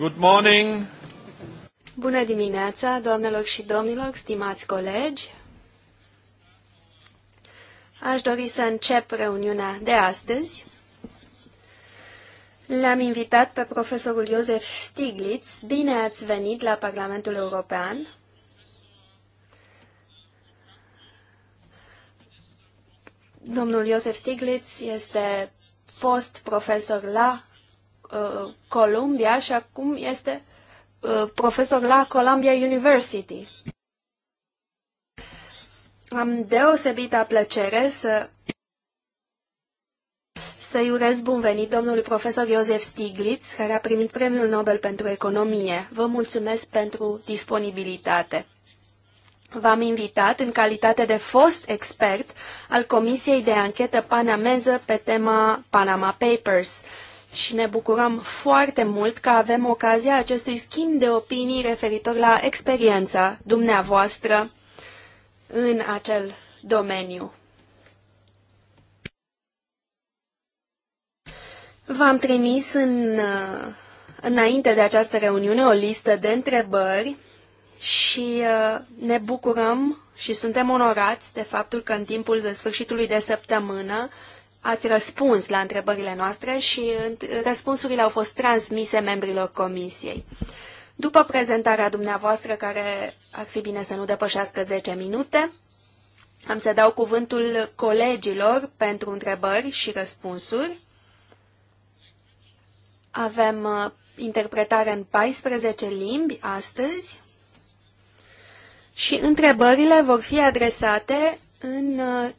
Good morning. Bună dimineața, doamnelor și domnilor, stimați colegi. Aș dori să încep reuniunea de astăzi. L-am invitat pe profesorul Iosef Stiglitz. Bine ați venit la Parlamentul European. Domnul Iosef Stiglitz este fost profesor la Uh, Columbia și acum este uh, profesor la Columbia University. Am deosebită plăcere să să-i urez bun venit domnului profesor Iosef Stiglitz, care a primit premiul Nobel pentru economie. Vă mulțumesc pentru disponibilitate. V-am invitat în calitate de fost expert al Comisiei de Anchetă Panameză pe tema Panama Papers, și ne bucurăm foarte mult că avem ocazia acestui schimb de opinii referitor la experiența dumneavoastră în acel domeniu. V-am trimis în, uh, înainte de această reuniune o listă de întrebări și uh, ne bucurăm și suntem onorați de faptul că în timpul de sfârșitului de săptămână ați răspuns la întrebările noastre și răspunsurile au fost transmise membrilor comisiei. După prezentarea dumneavoastră, care ar fi bine să nu depășească 10 minute, am să dau cuvântul colegilor pentru întrebări și răspunsuri. Avem uh, interpretare în 14 limbi astăzi și întrebările vor fi adresate în uh,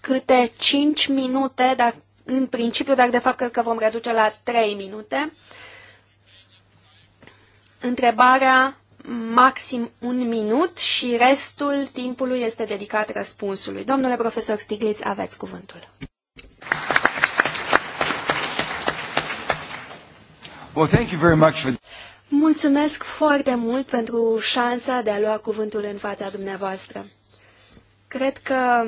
câte 5 minute, dar în principiu, dar de fapt cred că vom reduce la 3 minute. Întrebarea maxim un minut și restul timpului este dedicat răspunsului. Domnule profesor Stiglitz, aveți cuvântul. Well, thank you very much for... Mulțumesc foarte mult pentru șansa de a lua cuvântul în fața dumneavoastră. Cred că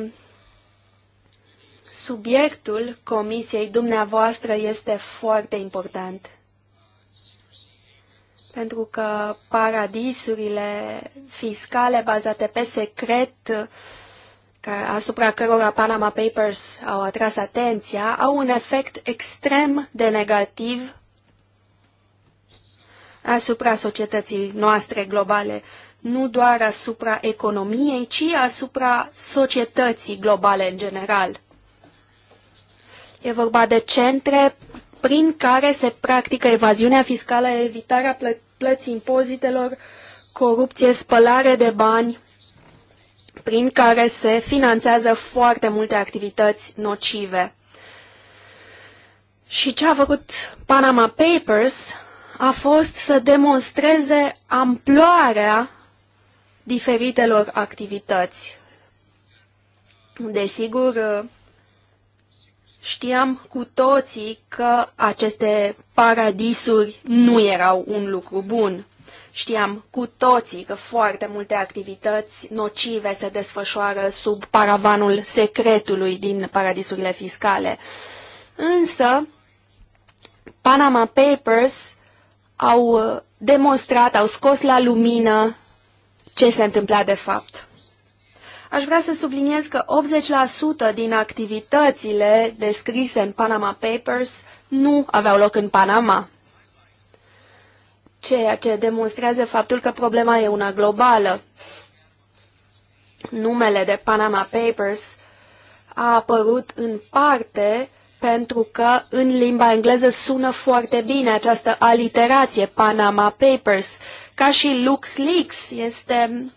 subiectul comisiei dumneavoastră este foarte important. Pentru că paradisurile fiscale bazate pe secret, asupra cărora Panama Papers au atras atenția, au un efect extrem de negativ asupra societății noastre globale, nu doar asupra economiei, ci asupra societății globale în general. E vorba de centre prin care se practică evaziunea fiscală, evitarea plă plății impozitelor, corupție, spălare de bani, prin care se finanțează foarte multe activități nocive. Și ce a făcut Panama Papers a fost să demonstreze amploarea diferitelor activități. Desigur, Știam cu toții că aceste paradisuri nu erau un lucru bun. Știam cu toții că foarte multe activități nocive se desfășoară sub paravanul secretului din paradisurile fiscale. Însă, Panama Papers au demonstrat, au scos la lumină ce se întâmpla de fapt. Aș vrea să subliniez că 80% din activitățile descrise în Panama Papers nu aveau loc în Panama, ceea ce demonstrează faptul că problema e una globală. Numele de Panama Papers a apărut în parte pentru că în limba engleză sună foarte bine această aliterație Panama Papers, ca și LuxLeaks este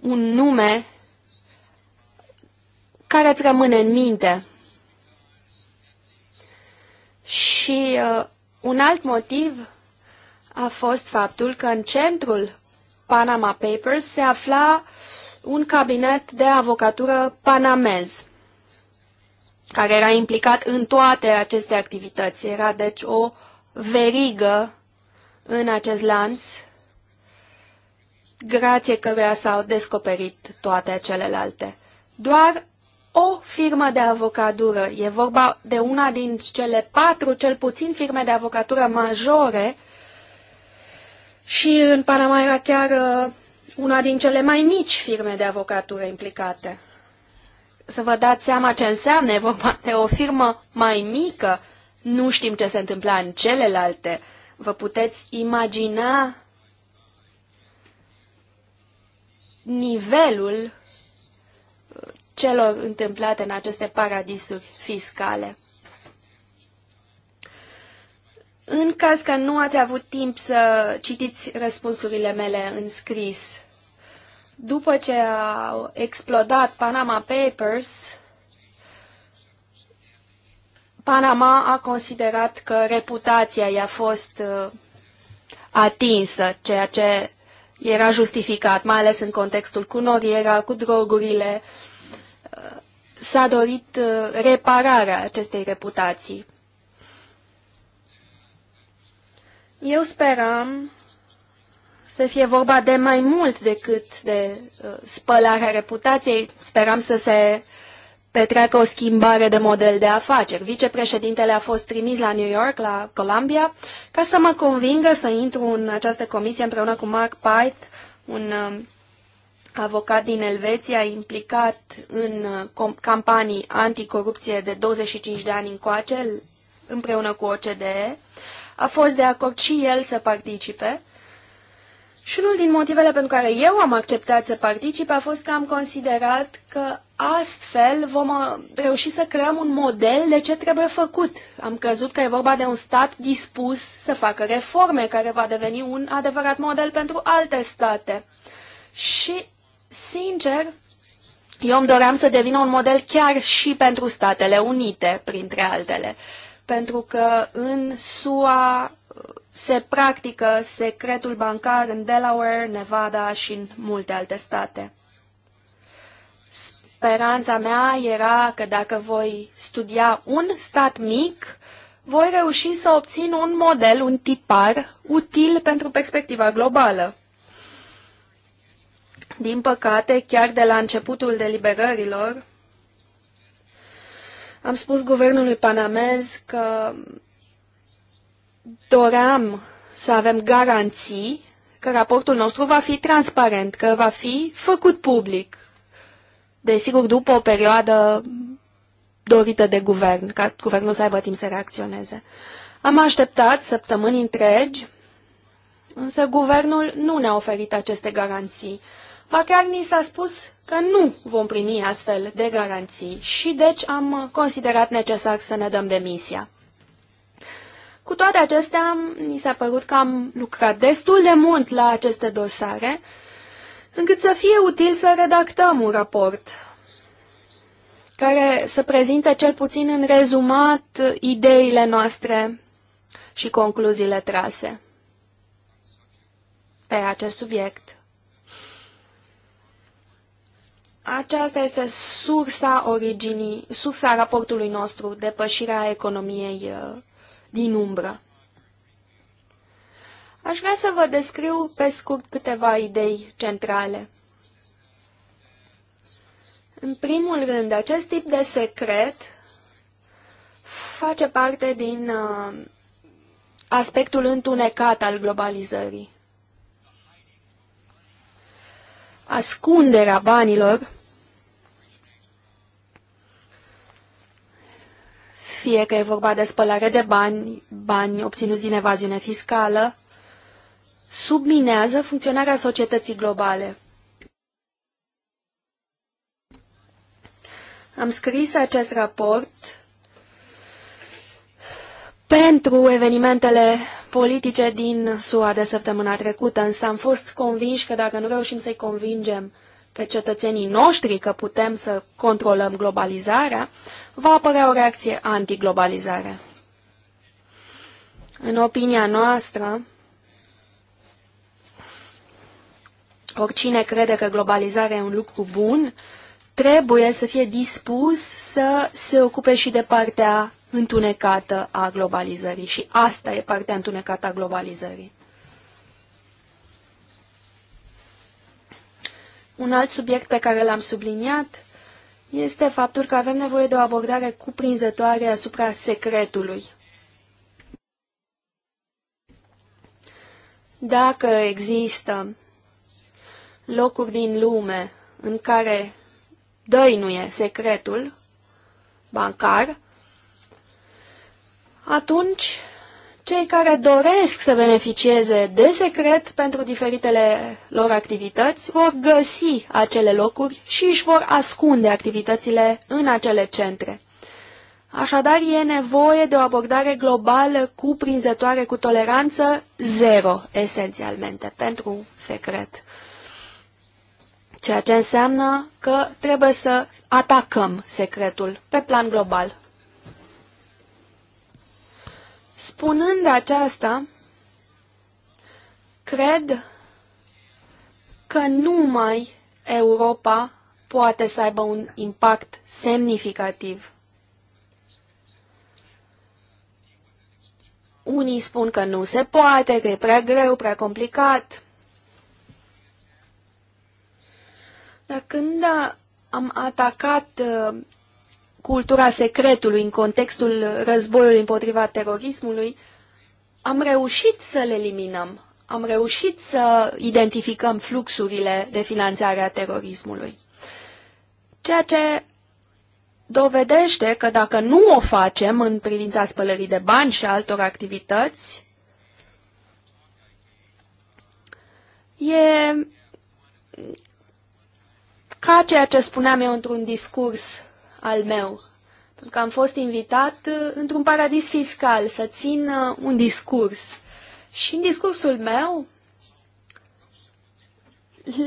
un nume care îți rămâne în minte. Și uh, un alt motiv a fost faptul că în centrul Panama Papers se afla un cabinet de avocatură panamez care era implicat în toate aceste activități. Era deci o verigă în acest lanț grație căruia s-au descoperit toate celelalte. Doar o firmă de avocatură, e vorba de una din cele patru, cel puțin, firme de avocatură majore și în Panama era chiar uh, una din cele mai mici firme de avocatură implicate. Să vă dați seama ce înseamnă, e vorba de o firmă mai mică, nu știm ce se întâmpla în celelalte. Vă puteți imagina nivelul celor întâmplate în aceste paradisuri fiscale. În caz că nu ați avut timp să citiți răspunsurile mele în scris, după ce au explodat Panama Papers, Panama a considerat că reputația i-a fost uh, atinsă, ceea ce era justificat, mai ales în contextul cu noriera, cu drogurile. S-a dorit uh, repararea acestei reputații. Eu speram să fie vorba de mai mult decât de uh, spălarea reputației. Speram să se petreacă o schimbare de model de afaceri. Vicepreședintele a fost trimis la New York, la Columbia, ca să mă convingă să intru în această comisie împreună cu Mark Pyth, un um, avocat din Elveția implicat în uh, campanii anticorupție de 25 de ani încoace, împreună cu OCDE. A fost de acord și el să participe. Și unul din motivele pentru care eu am acceptat să participe a fost că am considerat că Astfel vom uh, reuși să creăm un model de ce trebuie făcut. Am crezut că e vorba de un stat dispus să facă reforme, care va deveni un adevărat model pentru alte state. Și, sincer, eu îmi doream să devină un model chiar și pentru Statele Unite, printre altele, pentru că în SUA uh, se practică secretul bancar în Delaware, Nevada și în multe alte state speranța mea era că dacă voi studia un stat mic, voi reuși să obțin un model, un tipar util pentru perspectiva globală. Din păcate, chiar de la începutul deliberărilor, am spus guvernului panamez că doream să avem garanții că raportul nostru va fi transparent, că va fi făcut public desigur după o perioadă dorită de guvern, ca guvernul să aibă timp să reacționeze. Am așteptat săptămâni întregi, însă guvernul nu ne-a oferit aceste garanții. Ba chiar ni s-a spus că nu vom primi astfel de garanții și deci am considerat necesar să ne dăm demisia. Cu toate acestea, mi s-a părut că am lucrat destul de mult la aceste dosare încât să fie util să redactăm un raport care să prezinte cel puțin în rezumat ideile noastre și concluziile trase pe acest subiect. Aceasta este sursa originii, sursa raportului nostru, depășirea economiei uh, din umbră. Aș vrea să vă descriu pe scurt câteva idei centrale. În primul rând, acest tip de secret face parte din uh, aspectul întunecat al globalizării. Ascunderea banilor, fie că e vorba de spălare de bani, bani obținuți din evaziune fiscală, subminează funcționarea societății globale. Am scris acest raport pentru evenimentele politice din SUA de săptămâna trecută, însă am fost convinși că dacă nu reușim să-i convingem pe cetățenii noștri că putem să controlăm globalizarea, va apărea o reacție antiglobalizare. În opinia noastră, oricine crede că globalizarea e un lucru bun, trebuie să fie dispus să se ocupe și de partea întunecată a globalizării. Și asta e partea întunecată a globalizării. Un alt subiect pe care l-am subliniat este faptul că avem nevoie de o abordare cuprinzătoare asupra secretului. Dacă există locuri din lume în care dăinuie secretul bancar, atunci cei care doresc să beneficieze de secret pentru diferitele lor activități vor găsi acele locuri și își vor ascunde activitățile în acele centre. Așadar, e nevoie de o abordare globală cuprinzătoare cu toleranță zero, esențialmente, pentru secret. Ceea ce înseamnă că trebuie să atacăm secretul pe plan global. Spunând aceasta, cred că numai Europa poate să aibă un impact semnificativ. Unii spun că nu se poate, că e prea greu, prea complicat. Dar când am atacat uh, cultura secretului în contextul războiului împotriva terorismului, am reușit să le eliminăm. Am reușit să identificăm fluxurile de finanțare a terorismului. Ceea ce dovedește că dacă nu o facem în privința spălării de bani și altor activități, e ca ceea ce spuneam eu într-un discurs al meu. Pentru că am fost invitat uh, într-un paradis fiscal să țin uh, un discurs. Și în discursul meu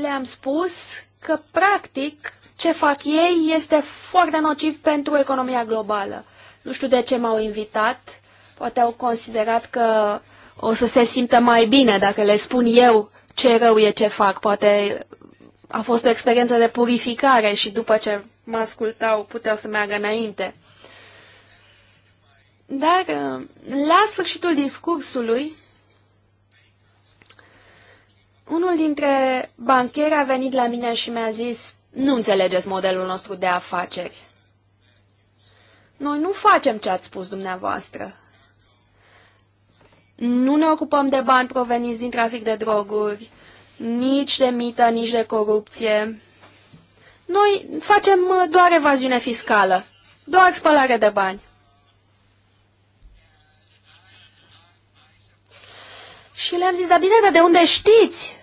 le-am spus că, practic, ce fac ei este foarte nociv pentru economia globală. Nu știu de ce m-au invitat, poate au considerat că o să se simtă mai bine dacă le spun eu ce rău e ce fac. Poate a fost o experiență de purificare și după ce mă ascultau puteau să meargă înainte. Dar uh, la sfârșitul discursului, unul dintre bancheri a venit la mine și mi-a zis, nu înțelegeți modelul nostru de afaceri. Noi nu facem ce ați spus dumneavoastră. Nu ne ocupăm de bani proveniți din trafic de droguri, nici de mită, nici de corupție. Noi facem uh, doar evaziune fiscală, doar spălare de bani. Și le-am zis, dar bine, dar de unde știți?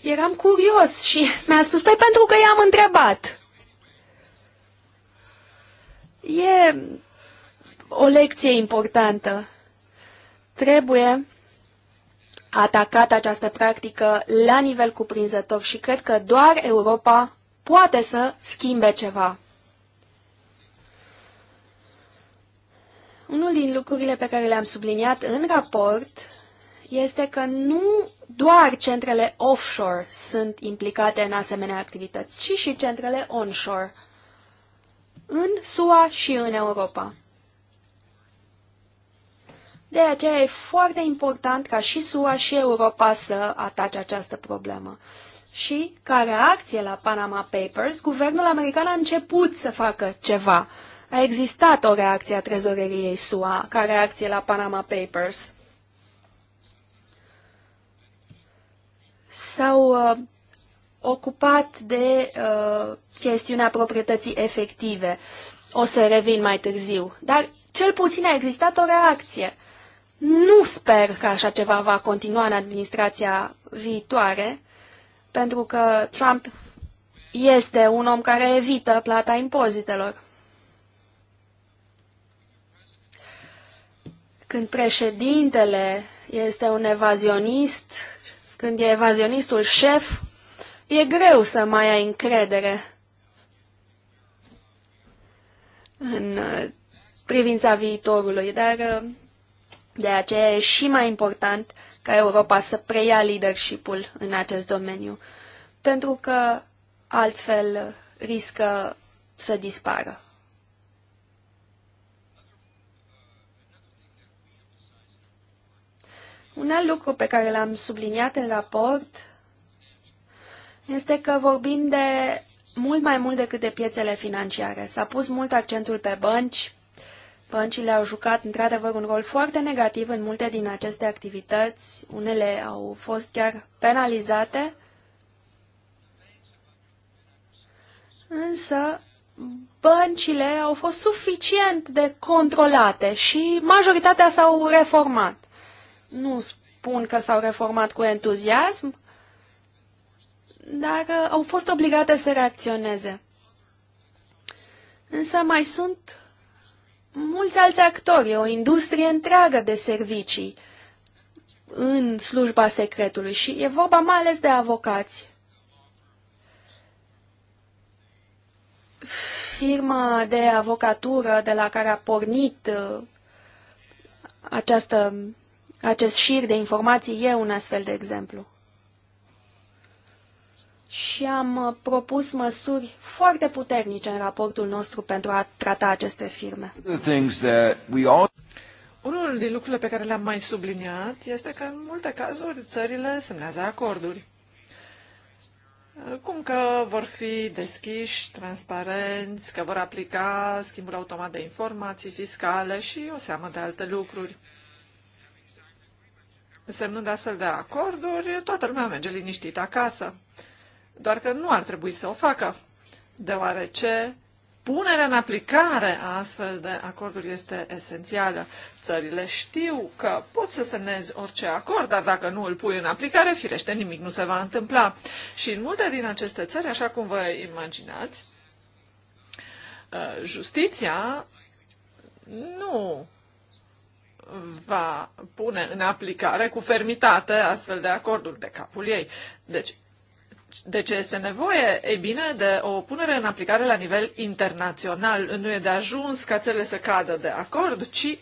Eram curios și mi-a spus, păi pentru că i-am întrebat. E o lecție importantă. Trebuie atacat această practică la nivel cuprinzător și cred că doar Europa poate să schimbe ceva. Unul din lucrurile pe care le-am subliniat în raport este că nu doar centrele offshore sunt implicate în asemenea activități, ci și centrele onshore în SUA și în Europa. De aceea e foarte important ca și SUA și Europa să atace această problemă. Și, ca reacție la Panama Papers, guvernul american a început să facă ceva. A existat o reacție a trezoreriei SUA ca reacție la Panama Papers. S-au uh, ocupat de uh, chestiunea proprietății efective. O să revin mai târziu. Dar cel puțin a existat o reacție. Nu sper că așa ceva va continua în administrația viitoare, pentru că Trump este un om care evită plata impozitelor. Când președintele este un evazionist, când e evazionistul șef, e greu să mai ai încredere în privința viitorului, dar de aceea e și mai important ca Europa să preia leadership-ul în acest domeniu, pentru că altfel riscă să dispară. Un alt lucru pe care l-am subliniat în raport este că vorbim de mult mai mult decât de piețele financiare. S-a pus mult accentul pe bănci, Băncile au jucat într-adevăr un rol foarte negativ în multe din aceste activități, unele au fost chiar penalizate, însă băncile au fost suficient de controlate și majoritatea s-au reformat. Nu spun că s-au reformat cu entuziasm, dar uh, au fost obligate să reacționeze. Însă mai sunt mulți alți actori, o industrie întreagă de servicii în slujba secretului și e vorba mai ales de avocați. Firma de avocatură de la care a pornit uh, această, acest șir de informații e un astfel de exemplu și am uh, propus măsuri foarte puternice în raportul nostru pentru a trata aceste firme. Unul din lucrurile pe care le-am mai subliniat este că în multe cazuri țările semnează acorduri. Cum că vor fi deschiși, transparenți, că vor aplica schimbul automat de informații fiscale și o seamă de alte lucruri. Semnând astfel de acorduri, toată lumea merge liniștită acasă doar că nu ar trebui să o facă, deoarece punerea în aplicare a astfel de acorduri este esențială. Țările știu că pot să semnezi orice acord, dar dacă nu îl pui în aplicare, firește, nimic nu se va întâmpla. Și în multe din aceste țări, așa cum vă imaginați, uh, justiția nu va pune în aplicare cu fermitate astfel de acorduri de capul ei. Deci, de ce este nevoie? Ei bine, de o punere în aplicare la nivel internațional. Nu e de ajuns ca țările să cadă de acord, ci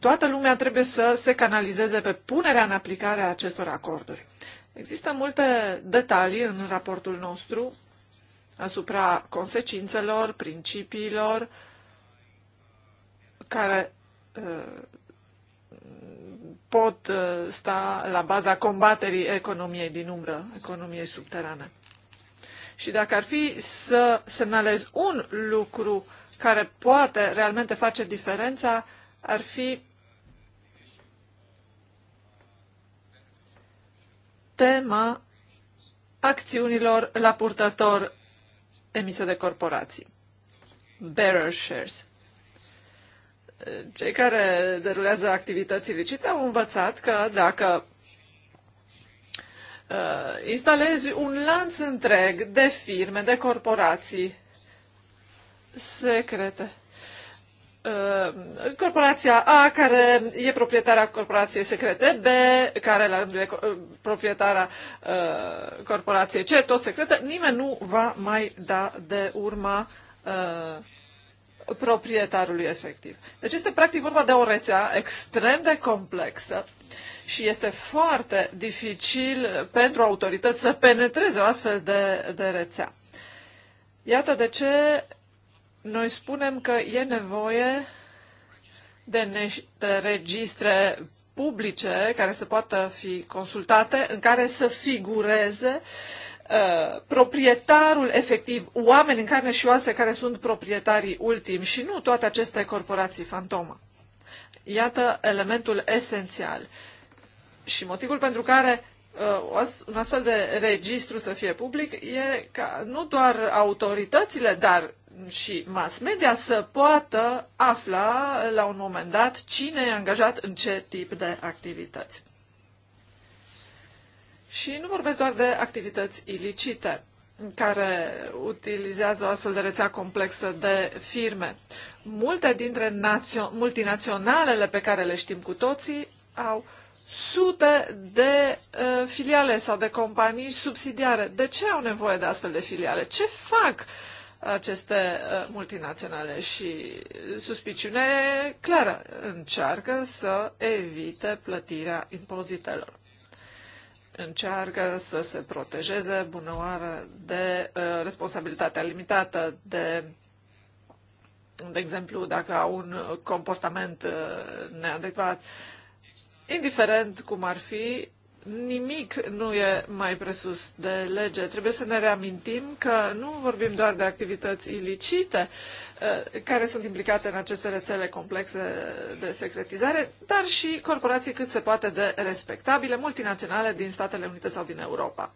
toată lumea trebuie să se canalizeze pe punerea în aplicare a acestor acorduri. Există multe detalii în raportul nostru asupra consecințelor, principiilor care uh, pot uh, sta la baza combaterii economiei din umbră, economiei subterane. Și dacă ar fi să semnalez un lucru care poate realmente face diferența, ar fi tema acțiunilor la purtător emise de corporații. Bearer shares cei care derulează activități ilicite au învățat că dacă uh, instalezi un lanț întreg de firme, de corporații secrete, uh, corporația A, care e proprietara corporației secrete, B, care la rândul e uh, proprietara uh, corporației C, tot secrete, nimeni nu va mai da de urma uh, proprietarului efectiv. Deci este practic vorba de o rețea extrem de complexă și este foarte dificil pentru autorități să penetreze o astfel de, de rețea. Iată de ce noi spunem că e nevoie de de registre publice care să poată fi consultate, în care să figureze Uh, proprietarul efectiv, oameni în carne și oase care sunt proprietarii ultimi și nu toate aceste corporații fantomă. Iată elementul esențial. Și motivul pentru care uh, un astfel de registru să fie public e ca nu doar autoritățile, dar și mass media să poată afla la un moment dat cine e angajat în ce tip de activități. Și nu vorbesc doar de activități ilicite care utilizează o astfel de rețea complexă de firme. Multe dintre multinaționalele pe care le știm cu toții au sute de uh, filiale sau de companii subsidiare. De ce au nevoie de astfel de filiale? Ce fac aceste uh, multinaționale? Și suspiciunea e clară. Încearcă să evite plătirea impozitelor încearcă să se protejeze bună oară de uh, responsabilitatea limitată, de, de exemplu, dacă au un comportament uh, neadecvat, indiferent cum ar fi, nimic nu e mai presus de lege. Trebuie să ne reamintim că nu vorbim doar de activități ilicite eh, care sunt implicate în aceste rețele complexe de secretizare, dar și corporații cât se poate de respectabile, multinaționale din Statele Unite sau din Europa.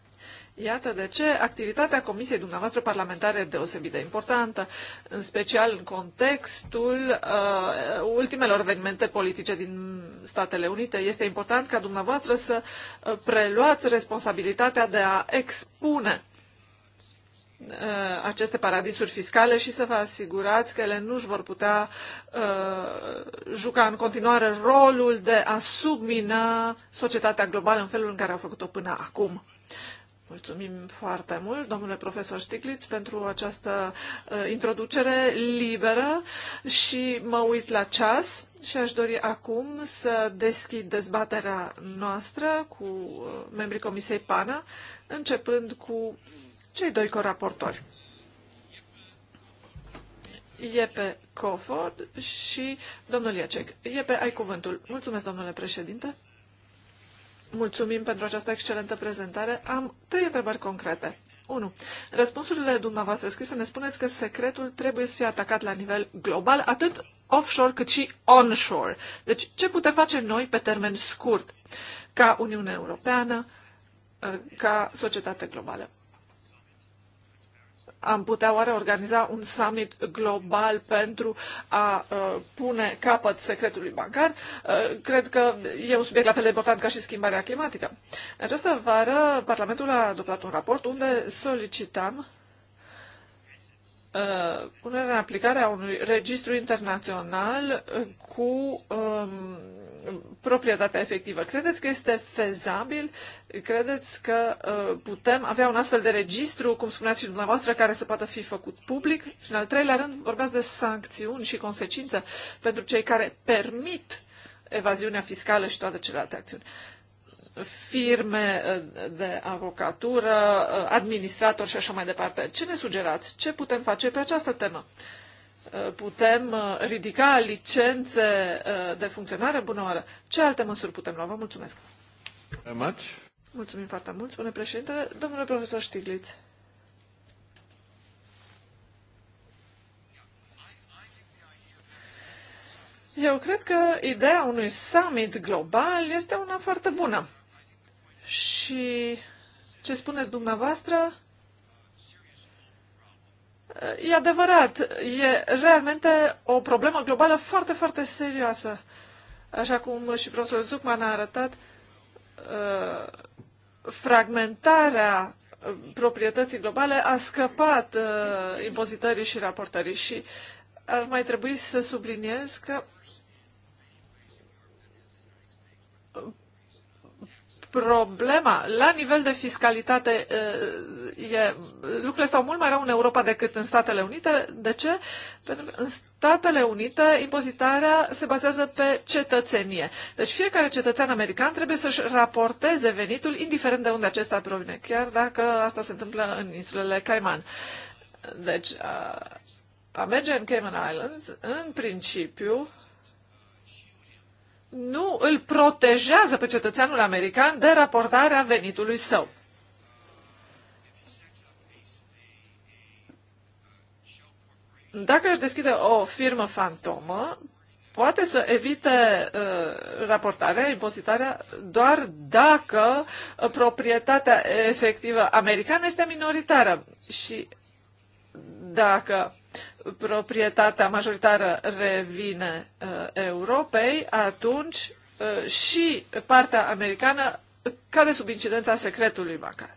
Iată de ce activitatea Comisiei dumneavoastră parlamentare e deosebit de importantă, în special în contextul uh, ultimelor evenimente politice din Statele Unite. Este important ca dumneavoastră să uh, preluați responsabilitatea de a expune uh, aceste paradisuri fiscale și să vă asigurați că ele nu își vor putea uh, juca în continuare rolul de a submina societatea globală în felul în care au făcut-o până acum. Mulțumim foarte mult, domnule profesor Stiglitz, pentru această uh, introducere liberă și mă uit la ceas și aș dori acum să deschid dezbaterea noastră cu uh, membrii Comisiei PANA, începând cu cei doi coraportori. Iepe Cofod și domnul Iacek. Iepe, ai cuvântul. Mulțumesc, domnule președinte. Mulțumim pentru această excelentă prezentare. Am trei întrebări concrete. 1. Răspunsurile dumneavoastră scrise ne spuneți că secretul trebuie să fie atacat la nivel global, atât offshore cât și onshore. Deci, ce putem face noi pe termen scurt, ca Uniunea Europeană, uh, ca societate globală? Am putea oare organiza un summit global pentru a uh, pune capăt secretului bancar? Uh, cred că e un subiect la fel de important ca și schimbarea climatică. În această vară, Parlamentul a adoptat un raport unde solicitam Uh, punerea în aplicare a unui registru internațional cu um, proprietatea efectivă. Credeți că este fezabil? Credeți că uh, putem avea un astfel de registru, cum spuneați și dumneavoastră, care să poată fi făcut public? Și în al treilea rând, vorbeați de sancțiuni și consecință pentru cei care permit evaziunea fiscală și toate celelalte acțiuni. Uh, firme eh, de avocatură, eh, administratori și așa mai departe. Ce ne sugerați? Ce putem face pe această temă? Eh, putem ridica licențe de funcționare? Bună oară! Ce alte măsuri putem lua? Vă mulțumesc! Mulțumim foarte mult, spune președinte, Domnule profesor Stiglitz. Eu cred că ideea unui summit global este una foarte bună. Și ce spuneți dumneavoastră? E adevărat, e realmente o problemă globală foarte, foarte serioasă. Așa cum și profesorul Zucman a arătat, uh, fragmentarea proprietății globale a scăpat uh, impozitării și raportării și ar mai trebui să subliniez că problema la nivel de fiscalitate uh, e, lucrurile stau mult mai rău în Europa decât în Statele Unite. De ce? Pentru că în Statele Unite impozitarea se bazează pe cetățenie. Deci fiecare cetățean american trebuie să-și raporteze venitul indiferent de unde acesta provine, chiar dacă asta se întâmplă în insulele Cayman. Deci a, a merge în Cayman Islands, în principiu, nu îl protejează pe cetățeanul american de raportarea venitului său. Dacă își deschide o firmă fantomă, poate să evite uh, raportarea, impozitarea, doar dacă proprietatea efectivă americană este minoritară și dacă proprietatea majoritară revine uh, Europei, atunci uh, și partea americană cade sub incidența secretului macar.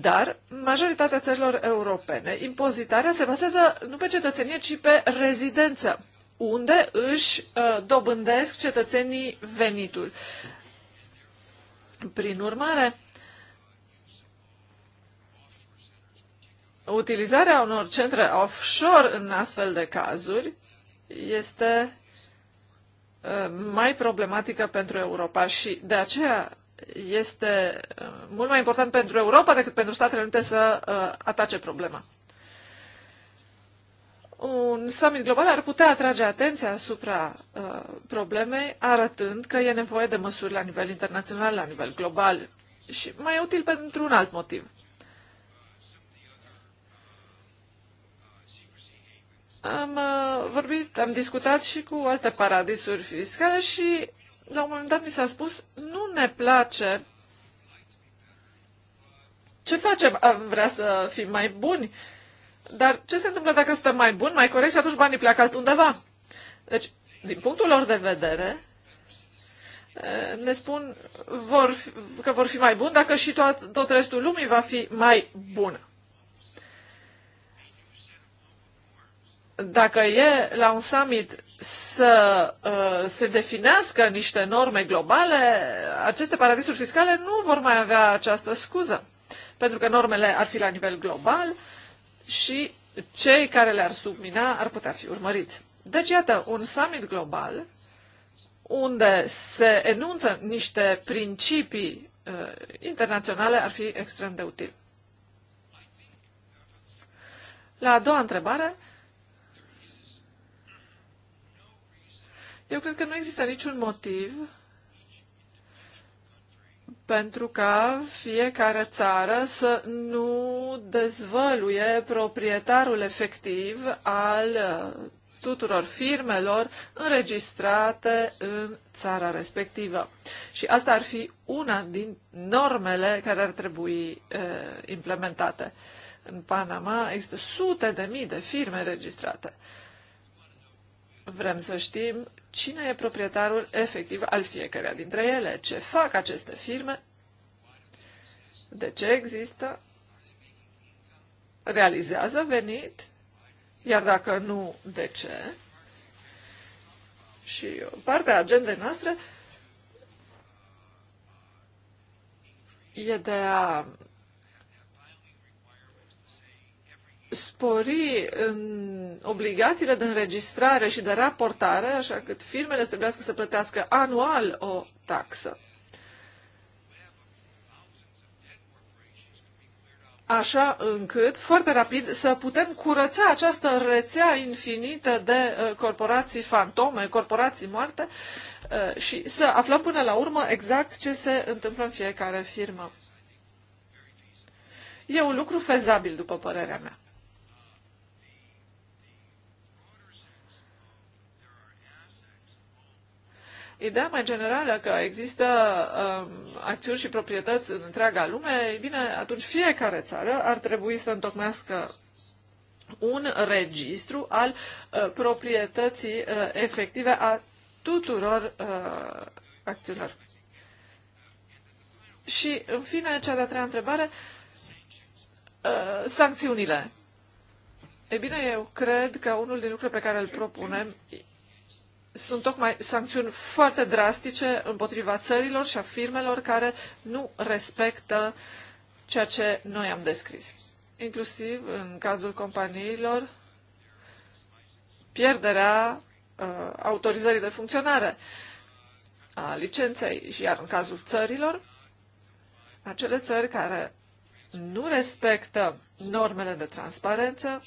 Dar majoritatea țărilor europene, impozitarea se bazează nu pe cetățenie, ci pe rezidență, unde își uh, dobândesc cetățenii venitul. Prin urmare, utilizarea unor centre offshore în astfel de cazuri este uh, mai problematică pentru Europa și de aceea este uh, mult mai important pentru Europa decât pentru Statele Unite să uh, atace problema. Un summit global ar putea atrage atenția asupra problemei, arătând că e nevoie de măsuri la nivel internațional, la nivel global și mai util pentru un alt motiv. Am uh, vorbit, am discutat și cu alte paradisuri fiscale și la un moment dat mi s-a spus nu ne place ce facem? Am vrea să fim mai buni? Dar ce se întâmplă dacă suntem mai buni, mai corecți și atunci banii pleacă altundeva? Deci, din punctul lor de vedere, eh, ne spun vor, că vor fi mai buni dacă și tot, tot restul lumii va fi mai bună. dacă e la un summit să uh, se definească niște norme globale, aceste paradisuri fiscale nu vor mai avea această scuză, pentru că normele ar fi la nivel global și cei care le-ar submina ar putea fi urmăriți. Deci, iată, un summit global unde se enunță niște principii uh, internaționale ar fi extrem de util. La a doua întrebare, uh, Eu cred că nu există niciun motiv pentru ca fiecare țară să nu dezvăluie proprietarul efectiv al uh, tuturor firmelor înregistrate în țara respectivă. Și asta ar fi una din normele care ar trebui e, uh, implementate. În Panama există sute de mii de firme înregistrate. Vrem să știm cine e proprietarul efectiv al fiecăruia dintre ele, ce fac aceste firme, de ce există, realizează venit, iar dacă nu, de ce. Și partea agendei noastre e de a spori obligațiile de înregistrare și de raportare, așa cât firmele să trebuiască să plătească anual o taxă. așa încât foarte rapid să putem curăța această rețea infinită de uh, corporații fantome, corporații moarte uh, și să aflăm până la urmă exact ce se întâmplă în fiecare firmă. E un lucru fezabil, după părerea mea. Ideea mai generală că există um, acțiuni și proprietăți în întreaga lume, e bine, atunci fiecare țară ar trebui să întocmească un registru al uh, proprietății uh, efective a tuturor uh, acțiunilor. Și, în fine, cea de-a treia întrebare, uh, sancțiunile. E bine, eu cred că unul din lucrurile pe care îl propunem sunt tocmai sancțiuni foarte drastice împotriva țărilor și a firmelor care nu respectă ceea ce noi am descris. Inclusiv în cazul companiilor, pierderea uh, autorizării de funcționare a licenței și iar în cazul țărilor, acele țări care nu respectă normele de transparență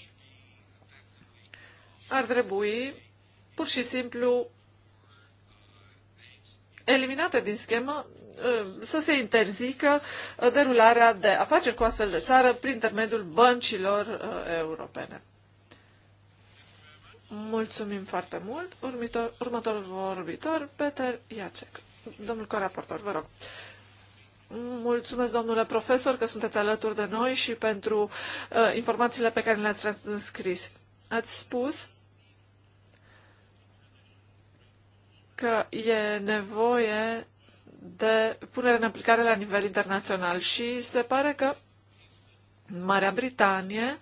ar trebui pur și simplu eliminate din schemă ă, să se interzică ă, derularea de afaceri cu astfel de țară prin intermediul băncilor ă, europene. Mulțumim foarte mult. Urmitor, următorul vorbitor, Peter Iacek. Domnul coraportor, vă rog. Mulțumesc, domnule profesor, că sunteți alături de noi și pentru uh, informațiile pe care le-ați transcris. Ați spus că e nevoie de punere în aplicare la nivel internațional și se pare că Marea Britanie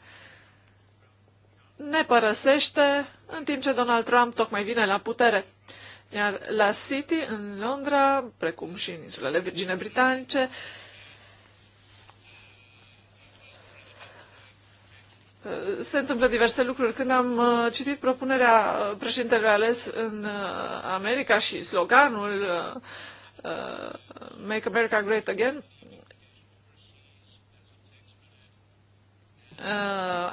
ne părăsește în timp ce Donald Trump tocmai vine la putere. Iar la City, în Londra, precum și în insulele Virgine Britanice, uh, Uh, se întâmplă diverse lucruri. Când am uh, citit propunerea uh, președintelui ales în America și sloganul Make America Great Again,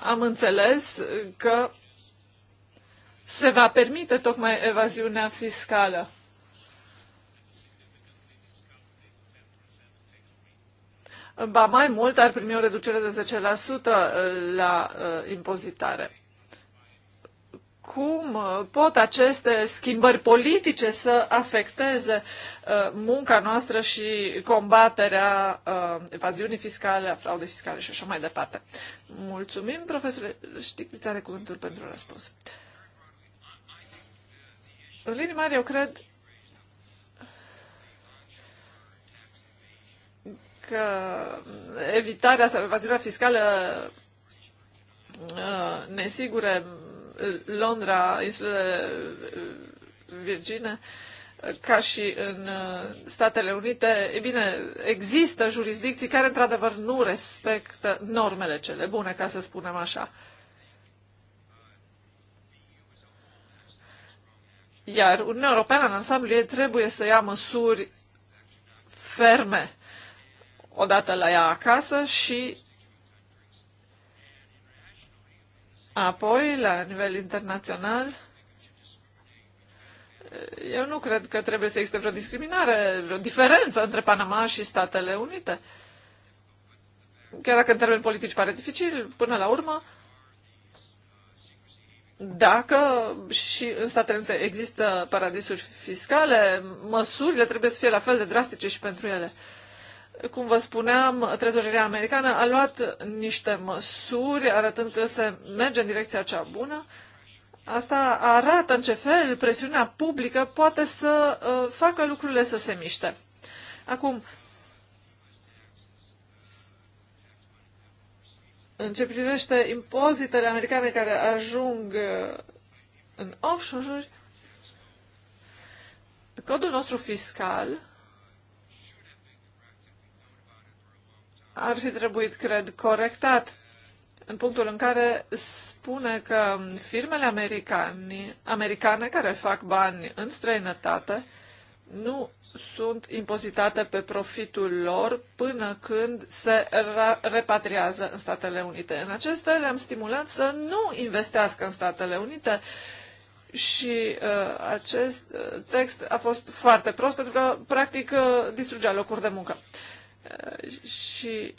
am înțeles că se va permite tocmai evaziunea fiscală. ba mai mult, ar primi o reducere de 10% uh, la uh, impozitare. Cum uh, pot aceste schimbări politice să afecteze uh, munca noastră și combaterea evaziunii fiscale, a fraudei fiscale și așa mai departe? Mulțumim, profesorule că are cuvântul pentru răspuns. În linii mari, eu cred că evitarea sau evaziunea fiscală uh, nesigure, Londra, insulele uh, Virgine, ca și în uh, Statele Unite, e bine, există jurisdicții care într-adevăr nu respectă normele cele bune, ca să spunem așa. Iar Uniunea Europeană în ansamblu ei trebuie să ia măsuri ferme odată la ea acasă și apoi la nivel internațional. Eu nu cred că trebuie să existe vreo discriminare, vreo diferență între Panama și Statele Unite. Chiar dacă în termeni politici pare dificil, până la urmă, dacă și în Statele Unite există paradisuri fiscale, măsurile trebuie să fie la fel de drastice și pentru ele. Cum vă spuneam, trezoreria americană a luat niște măsuri arătând că se merge în direcția cea bună. Asta arată în ce fel presiunea publică poate să uh, facă lucrurile să se miște. Acum, în ce privește impozitele americane care ajung uh, în offshore-uri, codul nostru fiscal ar fi trebuit, cred, corectat în punctul în care spune că firmele americani, americane care fac bani în străinătate nu sunt impozitate pe profitul lor până când se repatriază în Statele Unite. În acest fel am stimulat să nu investească în Statele Unite și uh, acest uh, text a fost foarte prost pentru că practic uh, distrugea locuri de muncă. Uh, și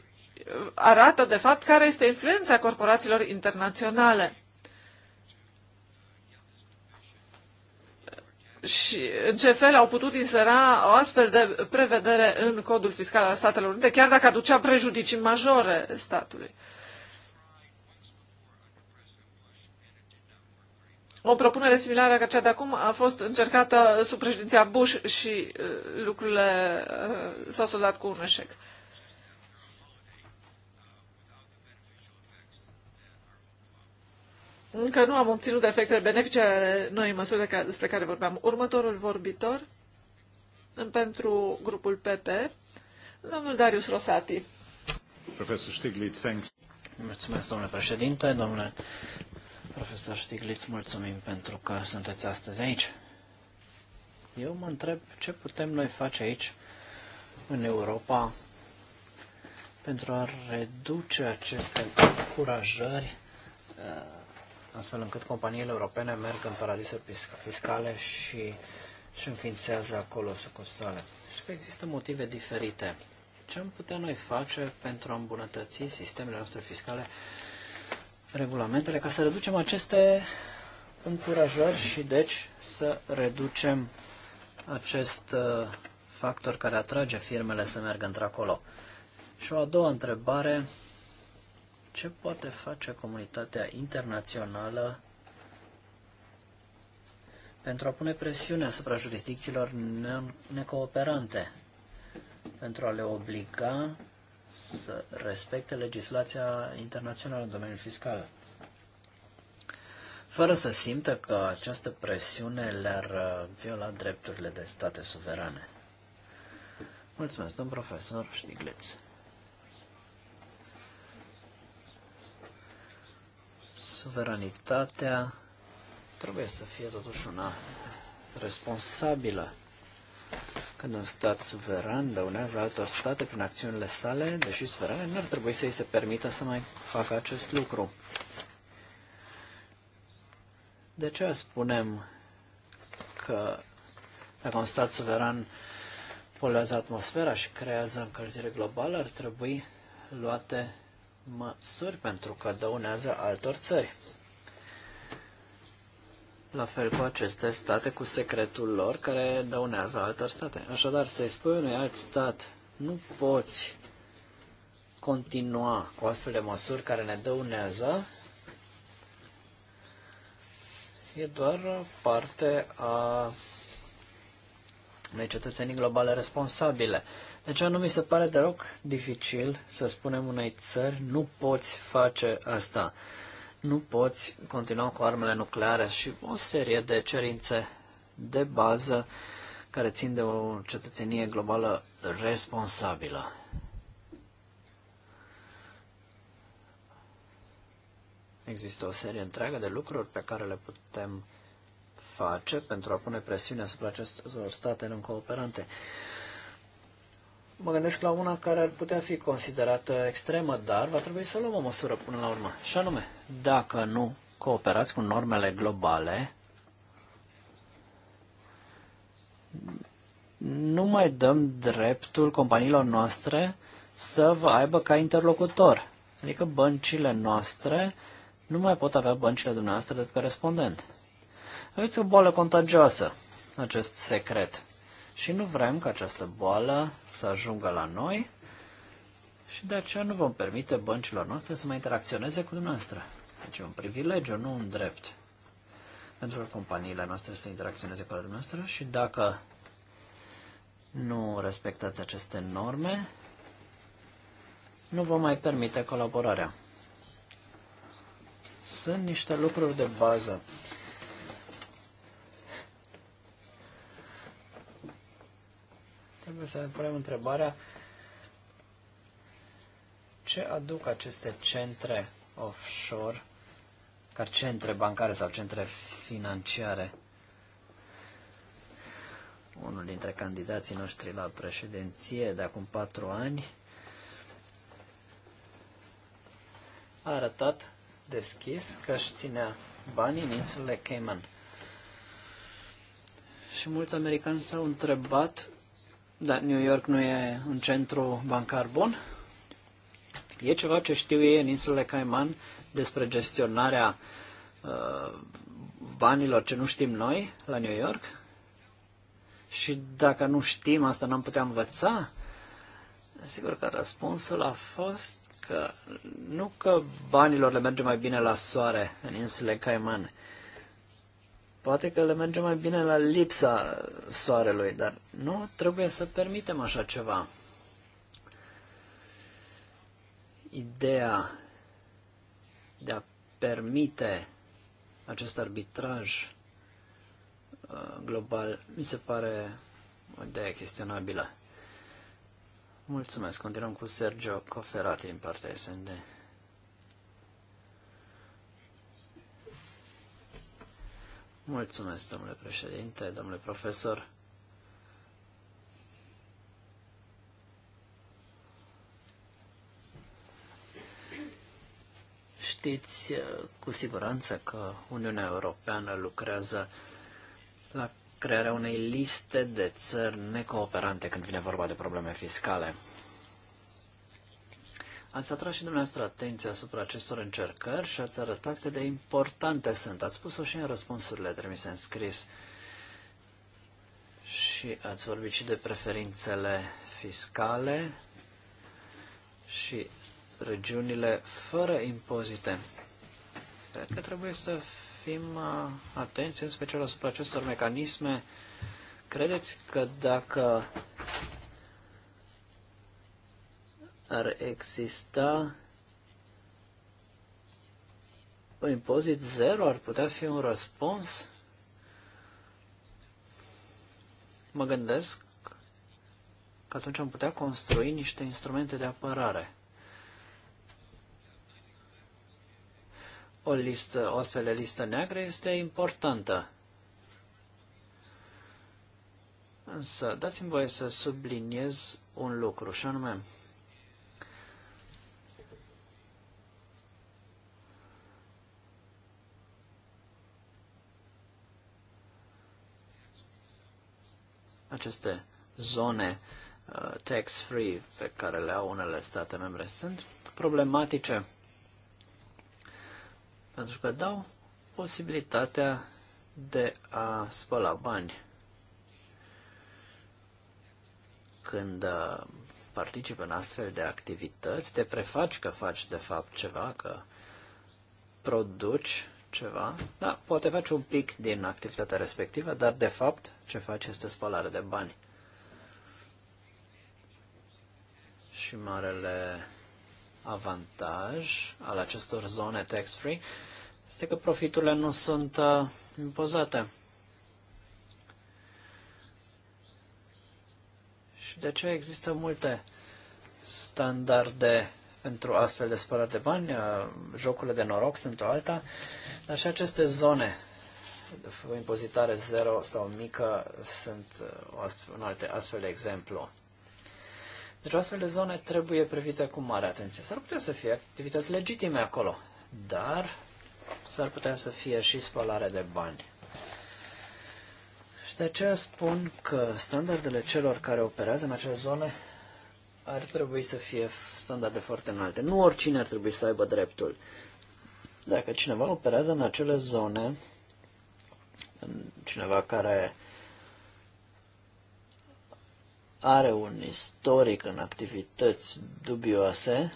arată, de fapt, care este influența corporațiilor internaționale. și în ce fel au putut insera o astfel de prevedere în codul fiscal al Statelor Unite, chiar dacă aducea prejudicii majore statului. Uh, O propunere similară ca cea de acum a fost încercată sub președinția Bush și uh, lucrurile uh, s-au soldat cu un eșec. Încă nu am obținut efectele benefice ale noii măsuri despre care vorbeam. Următorul vorbitor pentru grupul PP, domnul Darius Rosati. Profesor Stiglitz, thanks. Mulțumesc, domnule președinte, domnule Profesor Stiglitz, mulțumim pentru că sunteți astăzi aici. Eu mă întreb ce putem noi face aici, în Europa, pentru a reduce aceste încurajări uh, astfel încât companiile europene merg în paradisuri fiscale și își înființează acolo sucursale. Și că există motive diferite. Ce am putea noi face pentru a îmbunătăți sistemele noastre fiscale regulamentele ca să reducem aceste încurajări și deci să reducem acest uh, factor care atrage firmele să meargă într-acolo. Și o a doua întrebare, ce poate face comunitatea internațională pentru a pune presiune asupra jurisdicțiilor necooperante, pentru a le obliga să respecte legislația internațională în domeniul fiscal. Fără să simtă că această presiune le-ar uh, viola drepturile de state suverane. Mulțumesc, domn profesor Știgleț. Suveranitatea trebuie să fie totuși una responsabilă. Când un stat suveran dăunează altor state prin acțiunile sale, deși suverane, nu ar trebui să îi se permită să mai facă acest lucru. De ce spunem că dacă un stat suveran poluează atmosfera și creează încălzire globală, ar trebui luate măsuri pentru că dăunează altor țări la fel cu aceste state cu secretul lor care dăunează altor state. Așadar, să-i spui unui alt stat, nu poți continua cu astfel de măsuri care ne dăunează, e doar parte a unei cetățenii globale responsabile. Deci nu mi se pare deloc dificil să spunem unei țări nu poți face asta nu poți continua cu armele nucleare și o serie de cerințe de bază care țin de o cetățenie globală responsabilă. Există o serie întreagă de lucruri pe care le putem face pentru a pune presiune asupra acestor state non cooperante mă gândesc la una care ar putea fi considerată extremă, dar va trebui să luăm o măsură până la urmă. Și anume, dacă nu cooperați cu normele globale, nu mai dăm dreptul companiilor noastre să vă aibă ca interlocutor. Adică băncile noastre nu mai pot avea băncile dumneavoastră de corespondent. Aveți o boală contagioasă, acest secret. Și nu vrem ca această boală să ajungă la noi și de aceea nu vom permite băncilor noastre să mai interacționeze cu dumneavoastră. Deci e un privilegiu, nu un drept. Pentru că companiile noastre să interacționeze cu dumneavoastră și dacă nu respectați aceste norme, nu vă mai permite colaborarea. Sunt niște lucruri de bază trebuie să ne punem întrebarea ce aduc aceste centre offshore ca centre bancare sau centre financiare. Unul dintre candidații noștri la președinție de acum patru ani a arătat deschis că își ținea banii în insulele Cayman. Și mulți americani s-au întrebat da, New York nu e un centru bancar bun. E ceva ce știu ei în insulele Cayman despre gestionarea uh, banilor ce nu știm noi la New York. Și dacă nu știm asta, n-am putea învăța. Sigur că răspunsul a fost că nu că banilor le merge mai bine la soare în insule Cayman, Poate că le merge mai bine la lipsa soarelui, dar nu trebuie să permitem așa ceva. Ideea de a permite acest arbitraj uh, global mi se pare o idee chestionabilă. Mulțumesc. Continuăm cu Sergio Coferati în partea SND. Mulțumesc, domnule președinte, domnule profesor. Știți uh, cu siguranță că Uniunea Europeană lucrează la crearea unei liste de țări necooperante când vine vorba de probleme fiscale. Ați atras și dumneavoastră atenția asupra acestor încercări și ați arătat cât de importante sunt. Ați spus-o și în răspunsurile trimise în scris. Și ați vorbit și de preferințele fiscale și regiunile fără impozite. Cred că trebuie să fim uh, atenți în special asupra acestor mecanisme. Credeți că dacă ar exista un impozit zero, ar putea fi un răspuns? Mă gândesc că atunci am putea construi niște instrumente de apărare. O, listă, o astfel de listă neagră este importantă. Însă, dați-mi voie să subliniez un lucru, și anume, aceste zone uh, tax-free pe care le au unele state membre sunt problematice pentru că dau posibilitatea de a spăla bani. Când uh, participă în astfel de activități, te prefaci că faci de fapt ceva, că produci ceva, da, poate face un pic din activitatea respectivă, dar de fapt ce face este spălare de bani. Și marele avantaj al acestor zone tax-free este că profiturile nu sunt uh, impozate. Și de ce există multe standarde pentru astfel de spălare de bani. Uh, jocurile de noroc sunt o alta. Dar și aceste zone de impozitare zero sau mică sunt uh, un alt astfel de exemplu. Deci astfel de zone trebuie privite cu mare atenție. S-ar putea să fie activități legitime acolo, dar s-ar putea să fie și spălare de bani. Și de aceea spun că standardele celor care operează în acele zone ar trebui să fie standarde foarte înalte. Nu oricine ar trebui să aibă dreptul dacă cineva operează în acele zone, cineva care are un istoric în activități dubioase,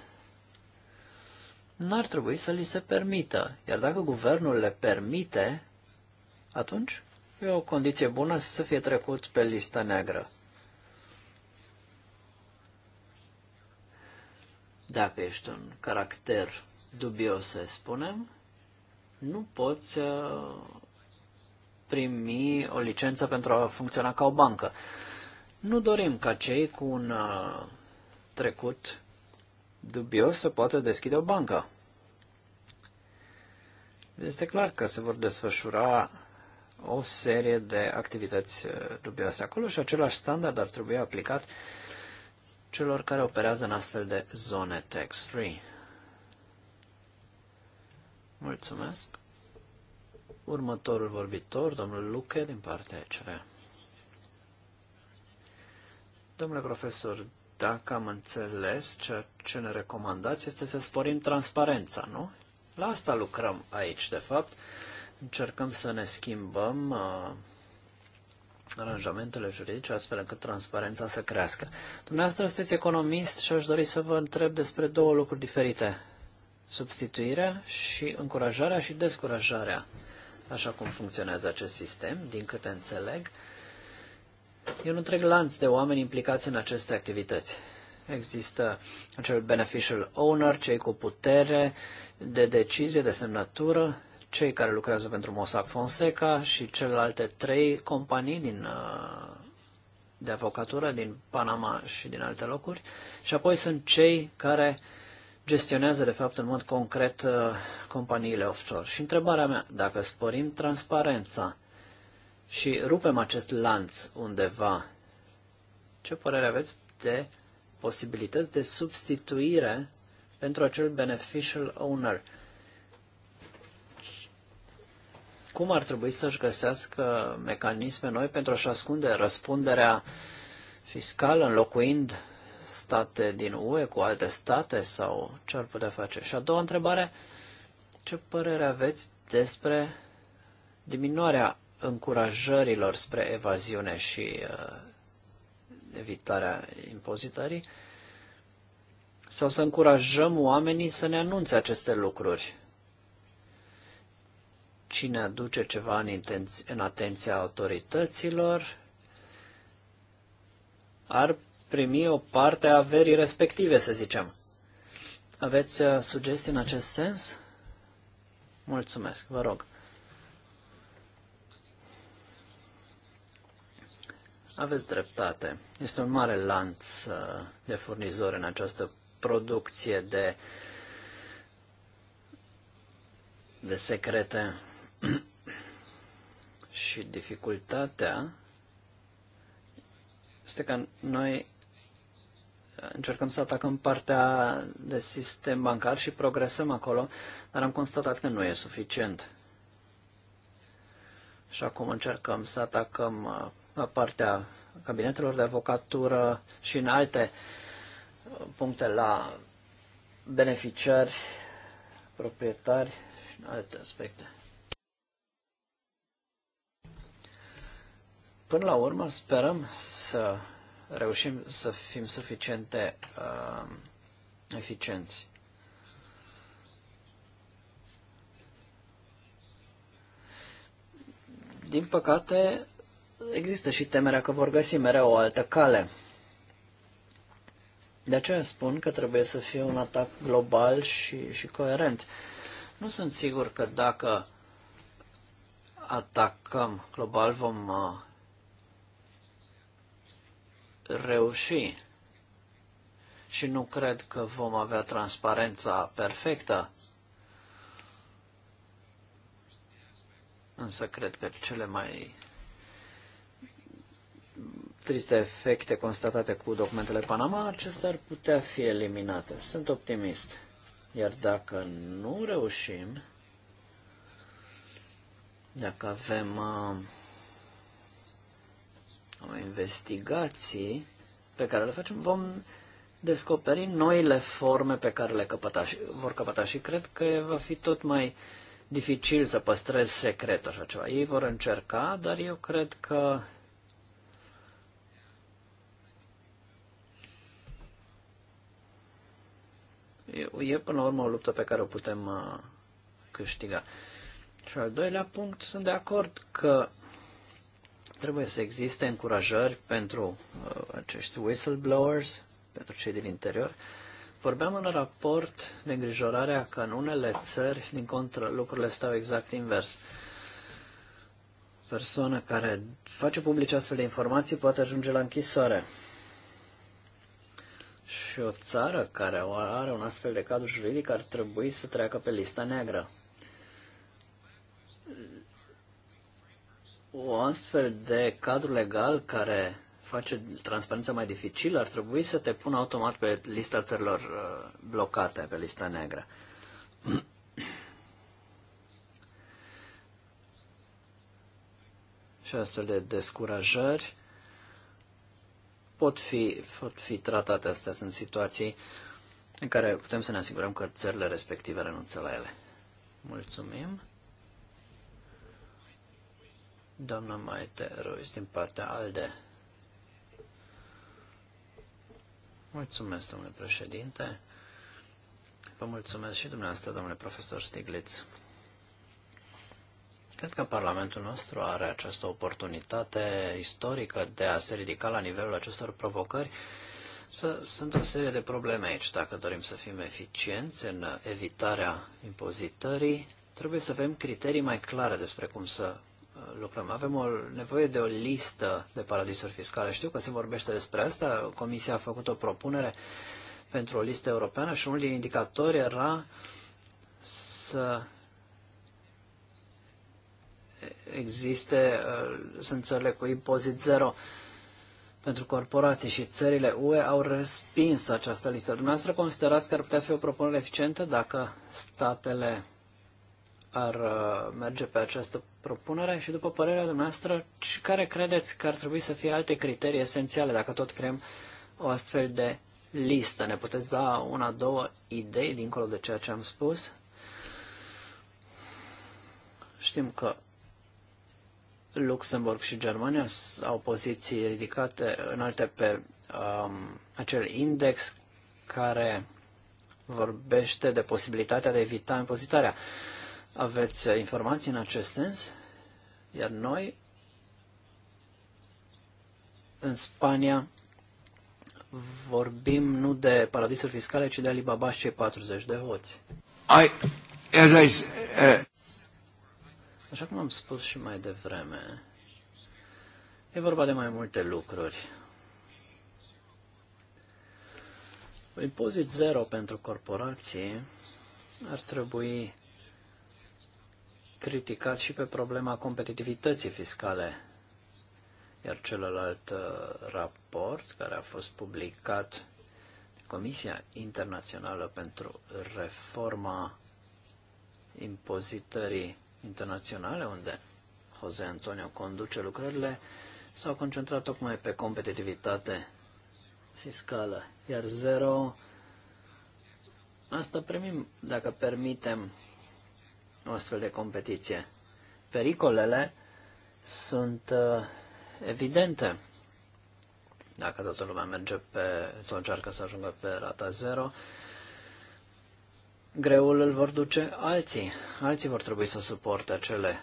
n-ar trebui să li se permită. Iar dacă guvernul le permite, atunci e o condiție bună să fie trecut pe lista neagră. Dacă ești un caracter să spunem, nu poți uh, primi o licență pentru a funcționa ca o bancă. Nu dorim ca cei cu un uh, trecut dubios să poată deschide o bancă. Este clar că se vor desfășura o serie de activități uh, dubioase acolo și același standard ar trebui aplicat celor care operează în astfel de zone tax-free. Mulțumesc. Următorul vorbitor, domnul Luche, din partea ECR. Domnule profesor, dacă am înțeles, ceea ce ne recomandați este să sporim transparența, nu? La asta lucrăm aici, de fapt. Încercăm să ne schimbăm uh, aranjamentele juridice astfel încât transparența să crească. Dumneavoastră sunteți economist și aș dori să vă întreb despre două lucruri diferite substituirea și încurajarea și descurajarea, așa cum funcționează acest sistem, din câte înțeleg. E un întreg lanț de oameni implicați în aceste activități. Există acel beneficial owner, cei cu putere de decizie, de semnătură, cei care lucrează pentru Mossack Fonseca și celelalte trei companii din, uh, de avocatură din Panama și din alte locuri. Și apoi sunt cei care uh, gestionează de fapt în mod concret uh, companiile offshore. Și întrebarea mea, dacă sporim transparența și rupem acest lanț undeva, ce părere aveți de posibilități de substituire pentru acel beneficial owner? Cum ar trebui să-și găsească mecanisme noi pentru a-și ascunde răspunderea fiscală, înlocuind state din UE cu alte state sau ce ar putea face? Și a doua întrebare, ce părere aveți despre diminuarea încurajărilor spre evaziune și uh, evitarea impozitării? Sau să încurajăm oamenii să ne anunțe aceste lucruri? Cine aduce ceva în, intenț- în atenția autorităților ar primi o parte a verii respective, să zicem. Aveți uh, sugestii în acest sens? Mulțumesc, vă rog. Aveți dreptate. Este un mare lanț uh, de furnizori în această producție de, de secrete și dificultatea este că noi încercăm să atacăm partea de sistem bancar și progresăm acolo, dar am constatat că nu e suficient. Și acum încercăm să atacăm uh, partea cabinetelor de avocatură și în alte uh, puncte la beneficiari, proprietari și în alte aspecte. Până la urmă sperăm să reușim să fim suficiente uh, eficienți. Din păcate, există și temerea că vor găsi mereu o altă cale. De aceea spun că trebuie să fie un atac global și, și coerent. Nu sunt sigur că dacă atacăm global vom uh, reuși și nu cred că vom avea transparența perfectă. Însă cred că cele mai triste efecte constatate cu documentele Panama, acestea ar putea fi eliminate. Sunt optimist. Iar dacă nu reușim, dacă avem uh, investigație pe care le facem, vom descoperi noile forme pe care le căpăta și, vor căpăta și cred că va fi tot mai dificil să păstrez secret așa ceva. Ei vor încerca, dar eu cred că e, e până la urmă o luptă pe care o putem uh, câștiga. Și al doilea punct, sunt de acord că Trebuie să existe încurajări pentru uh, acești whistleblowers, pentru cei din interior. Vorbeam în raport de îngrijorarea că în unele țări, din contră, lucrurile stau exact invers. Persoana care face publice astfel de informații poate ajunge la închisoare. Și o țară care are un astfel de cadru juridic ar trebui să treacă pe lista neagră o astfel de cadru legal care face transparența mai dificilă, ar trebui să te pună automat pe lista țărilor uh, blocate, pe lista neagră. și astfel de descurajări pot fi, pot fi tratate. Astea sunt situații în care putem să ne asigurăm că țările respective renunță la ele. Mulțumim! Doamna Maite Rois din partea ALDE. Mulțumesc, domnule președinte. Vă mulțumesc și dumneavoastră, domnule profesor Stiglitz. Cred că Parlamentul nostru are această oportunitate istorică de a se ridica la nivelul acestor provocări. Sunt o serie de probleme aici. Dacă dorim să fim eficienți în evitarea impozitării, trebuie să avem criterii mai clare despre cum să lucrăm. Avem o nevoie de o listă de paradisuri fiscale. Știu că se vorbește despre asta. Comisia a făcut o propunere pentru o listă europeană și unul din indicatori era să existe, uh, sunt țările cu impozit zero pentru corporații și țările UE au respins această listă. Dumneavoastră considerați că ar putea fi o propunere eficientă dacă statele ar uh, merge pe această propunere și după părerea dumneavoastră, care credeți că ar trebui să fie alte criterii esențiale dacă tot creăm o astfel de listă? Ne puteți da una, două idei dincolo de ceea ce am spus? Știm că Luxemburg și Germania au poziții ridicate în alte pe um, acel index care vorbește de posibilitatea de evita impozitarea. Uh, aveți informații în acest sens? Iar noi, în Spania, vorbim nu de paradisuri fiscale, ci de Alibaba și cei 40 de hoți. I, as I, uh... Așa cum am spus și mai devreme, e vorba de mai multe lucruri. Impozit zero pentru corporații ar trebui criticat și pe problema competitivității fiscale. Iar celălalt uh, raport care a fost publicat de Comisia Internațională pentru Reforma Impozitării Internaționale, unde Jose Antonio conduce lucrările, s-au concentrat tocmai pe competitivitate fiscală. Iar zero, asta primim dacă permitem o astfel de competiție. Pericolele sunt uh, evidente. Dacă toată lumea merge pe, sau încearcă să ajungă pe rata zero, greul îl vor duce alții. Alții vor trebui să suporte acele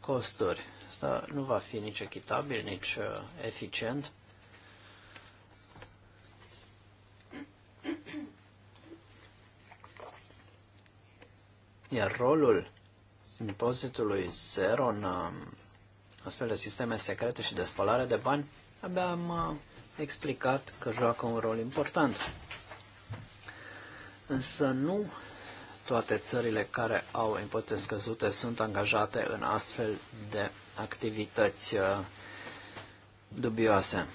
costuri. Asta nu va fi nici echitabil, nici uh, eficient. Iar rolul impozitului zero în um, astfel de sisteme secrete și de spălare de bani, abia am uh, explicat că joacă un rol important. Însă nu toate țările care au impozite scăzute sunt angajate în astfel de activități uh, dubioase.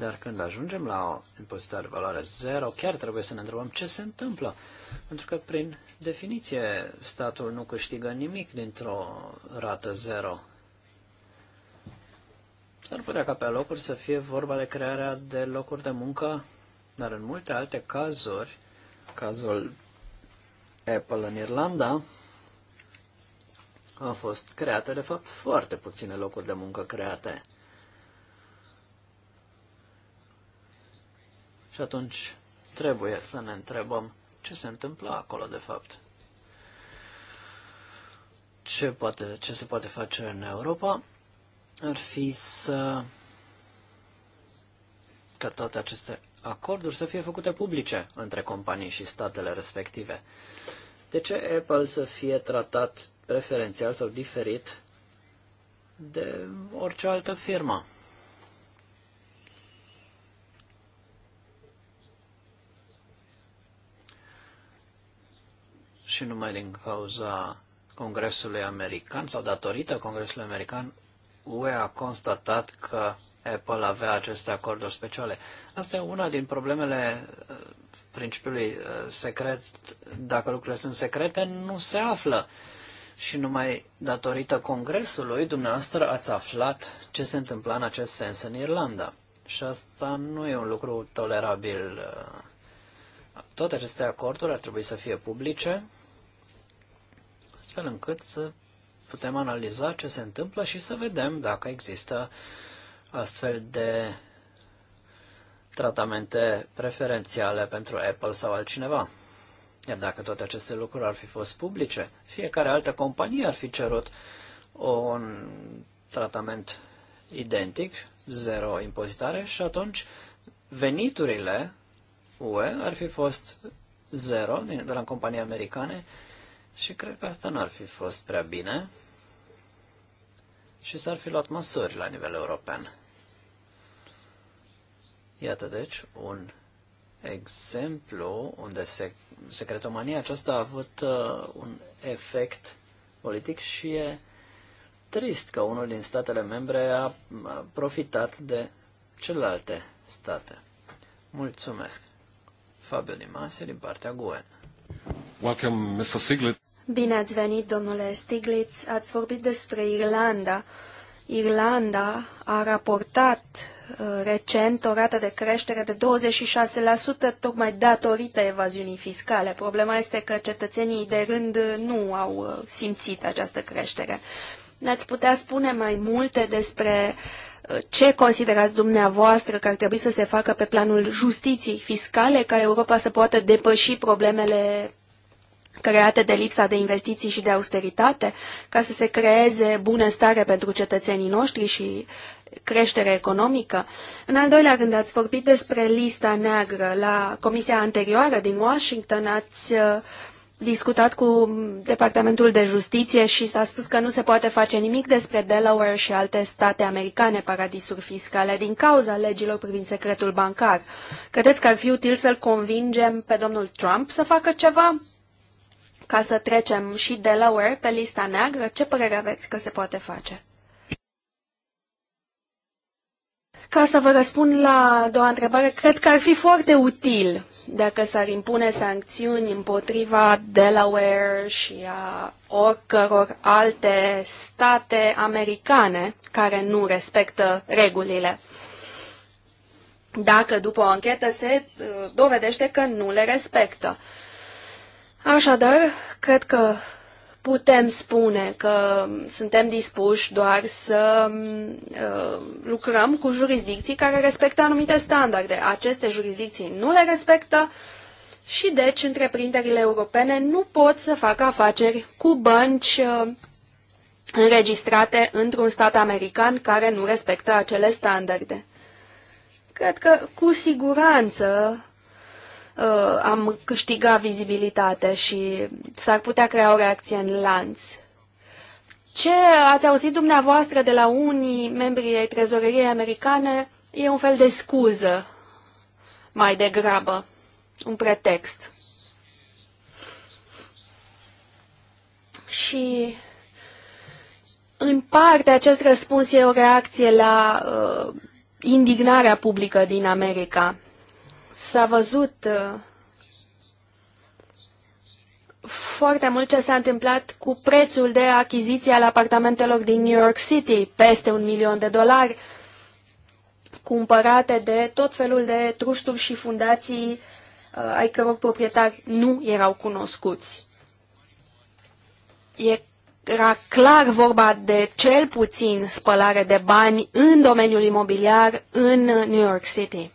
Dar când ajungem la o impozitare valoare zero, chiar trebuie să ne întrebăm ce se întâmplă. Pentru că, prin definiție, statul nu câștigă nimic dintr-o rată zero. S-ar putea ca pe locuri să fie vorba de crearea de locuri de muncă, dar în multe alte cazuri, cazul Apple în Irlanda, au fost create, de fapt, foarte puține locuri de muncă create. Și atunci trebuie să ne întrebăm ce se întâmplă acolo de fapt. Ce, poate, ce se poate face în Europa ar fi să ca toate aceste acorduri să fie făcute publice între companii și statele respective. De ce Apple să fie tratat preferențial sau diferit de orice altă firmă? și numai din cauza Congresului American sau datorită Congresului American, UE a constatat că Apple avea aceste acorduri speciale. Asta e una din problemele uh, principiului uh, secret. Dacă lucrurile sunt secrete, nu se află. Și numai datorită Congresului, dumneavoastră ați aflat ce se întâmpla în acest sens în Irlanda. Și asta nu e un lucru tolerabil. Uh. Toate aceste acorduri ar trebui să fie publice, astfel încât să putem analiza ce se întâmplă și să vedem dacă există astfel de tratamente preferențiale pentru Apple sau altcineva. Iar dacă toate aceste lucruri ar fi fost publice, fiecare altă companie ar fi cerut un tratament identic, zero impozitare și atunci veniturile UE ar fi fost zero de la companii americane și cred că asta n-ar fi fost prea bine și s-ar fi luat măsuri la nivel european. Iată, deci, un exemplu unde sec secretomania aceasta a avut uh, un efect politic și e trist că unul din statele membre a, profitat de celelalte state. Mulțumesc! Fabio Di Masi din partea Guen. Welcome, Mr. Stiglitz. Bine ați venit, domnule Stiglitz. Ați vorbit despre Irlanda. Irlanda a raportat uh, recent o rată de creștere de 26% tocmai datorită evaziunii fiscale. Problema este că cetățenii de rând nu au uh, simțit această creștere. Ne-ați putea spune mai multe despre uh, ce considerați dumneavoastră că ar trebui să se facă pe planul justiției fiscale ca Europa să poată depăși problemele create de lipsa de investiții și de austeritate, ca să se creeze bunăstare pentru cetățenii noștri și creștere economică. În al doilea rând, ați vorbit despre lista neagră. La comisia anterioară din Washington ați uh, discutat cu Departamentul de Justiție și s-a spus că nu se poate face nimic despre Delaware și alte state americane paradisuri fiscale din cauza legilor privind secretul bancar. Credeți că ar fi util să-l convingem pe domnul Trump să facă ceva? ca să trecem și Delaware pe lista neagră? Ce părere aveți că se poate face? Ca să vă răspund la a doua întrebare, cred că ar fi foarte util dacă s-ar impune sancțiuni împotriva Delaware și a oricăror alte state americane care nu respectă regulile. Dacă după o anchetă se uh, dovedește că nu le respectă. Uh, Așadar, cred că putem spune că suntem dispuși doar să uh, lucrăm cu jurisdicții care respectă anumite standarde. Aceste jurisdicții nu le respectă și deci întreprinderile europene nu pot să facă afaceri cu bănci uh, înregistrate într-un stat american care nu respectă acele standarde. Cred că cu siguranță Uh, am câștigat vizibilitate și s-ar putea crea o reacție în lanț. Ce ați auzit dumneavoastră de la unii membri ai trezoreriei americane e un fel de scuză mai degrabă, un pretext. Și în parte acest răspuns e o reacție la uh, indignarea publică din America S-a văzut uh, foarte mult ce s-a întâmplat cu prețul de achiziție al apartamentelor din New York City, peste un milion de dolari, cumpărate de tot felul de trusturi și fundații uh, ai căror proprietari nu erau cunoscuți. Era clar vorba de cel puțin spălare de bani în domeniul imobiliar în New York City.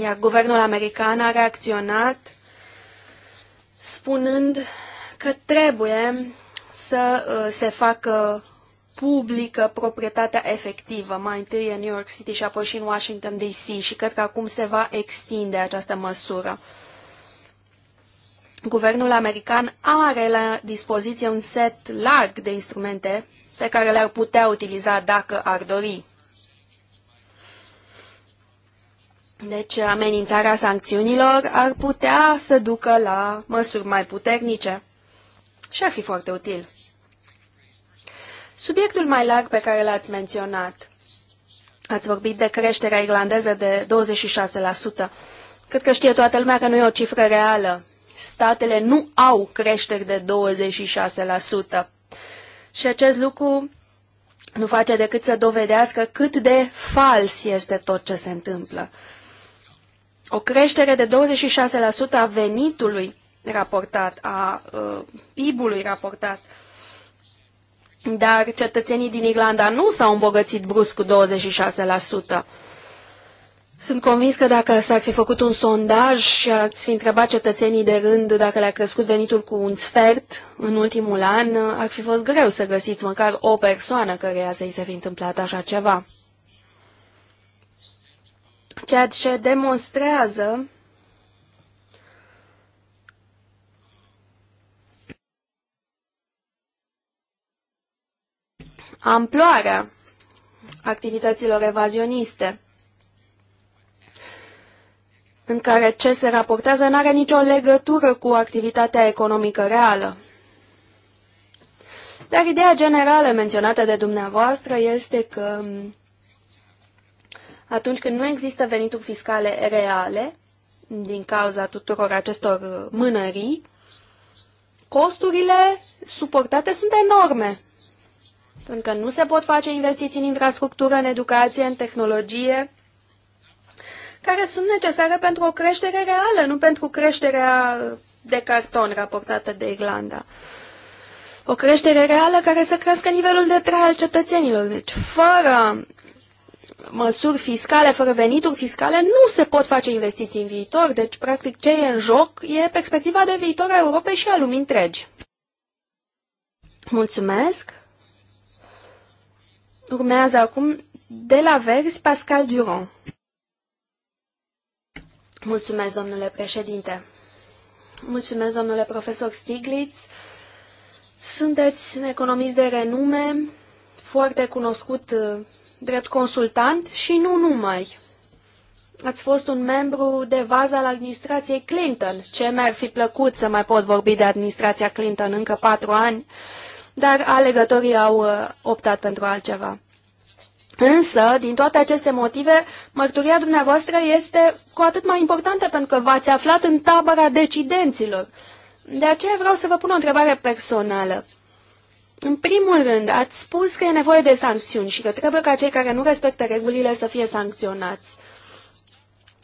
Iar guvernul american a reacționat spunând că trebuie să uh, se facă publică proprietatea efectivă, mai întâi în New York City și apoi și în Washington DC și cred că acum se va extinde această măsură. Guvernul american are la dispoziție un set larg de instrumente pe care le-ar putea utiliza dacă ar dori. Deci amenințarea sancțiunilor ar putea să ducă la măsuri mai puternice și ar fi foarte util. Subiectul mai larg pe care l-ați menționat, ați vorbit de creșterea irlandeză de 26%. Cred că știe toată lumea că nu e o cifră reală. Statele nu au creșteri de 26%. Și acest lucru nu face decât să dovedească cât de fals este tot ce se întâmplă o creștere de 26% a venitului raportat, a ă, PIB-ului raportat. Dar cetățenii din Irlanda nu s-au îmbogățit brusc cu 26%. Sunt convins că dacă s-ar fi făcut un sondaj și ați fi întrebat cetățenii de rând dacă le-a crescut venitul cu un sfert în ultimul an, ar fi fost greu să găsiți măcar o persoană căreia să-i se fi întâmplat așa ceva ceea ce demonstrează amploarea activităților evazioniste, în care ce se raportează nu are nicio legătură cu activitatea economică reală. Dar ideea generală menționată de dumneavoastră este că atunci când nu există venituri fiscale reale, din cauza tuturor acestor mânării, costurile suportate sunt enorme. Pentru că nu se pot face investiții în infrastructură, în educație, în tehnologie, care sunt necesare pentru o creștere reală, nu pentru creșterea de carton raportată de Irlanda. O creștere reală care să crească nivelul de trai al cetățenilor. Deci, fără măsuri fiscale, fără venituri fiscale, nu se pot face investiții în viitor. Deci, practic, ce e în joc e perspectiva de viitor a Europei și a lumii întregi. Mulțumesc! Urmează acum de la Vers Pascal Durand. Mulțumesc, domnule președinte. Mulțumesc, domnule profesor Stiglitz. Sunteți un economist de renume, foarte cunoscut drept consultant și nu numai. Ați fost un membru de vază al administrației Clinton. Ce mi-ar fi plăcut să mai pot vorbi de administrația Clinton încă patru ani, dar alegătorii au uh, optat pentru altceva. Însă, din toate aceste motive, mărturia dumneavoastră este cu atât mai importantă pentru că v-ați aflat în tabăra decidenților. De aceea vreau să vă pun o întrebare personală. În primul rând, ați spus că e nevoie de sancțiuni și că trebuie ca cei care nu respectă regulile să fie sancționați.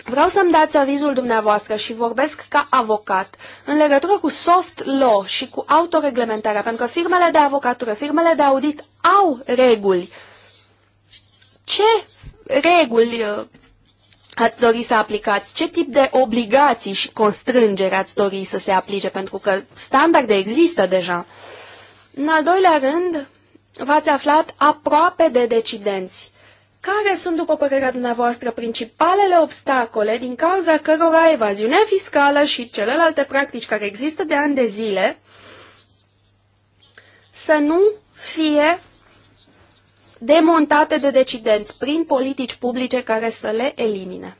Vreau să-mi dați avizul dumneavoastră și vorbesc ca avocat în legătură cu soft law și cu autoreglementarea, pentru că firmele de avocatură, firmele de audit au reguli. Ce reguli uh, ați dori să aplicați? Ce tip de obligații și constrângeri ați dori să se aplice? Pentru că standarde există deja. Uh, în al doilea rând, v-ați aflat aproape de decidenți. Care sunt, după părerea dumneavoastră, principalele obstacole din cauza cărora evaziunea fiscală și celelalte practici care există de ani de zile să nu fie demontate de decidenți prin politici publice care să le elimine?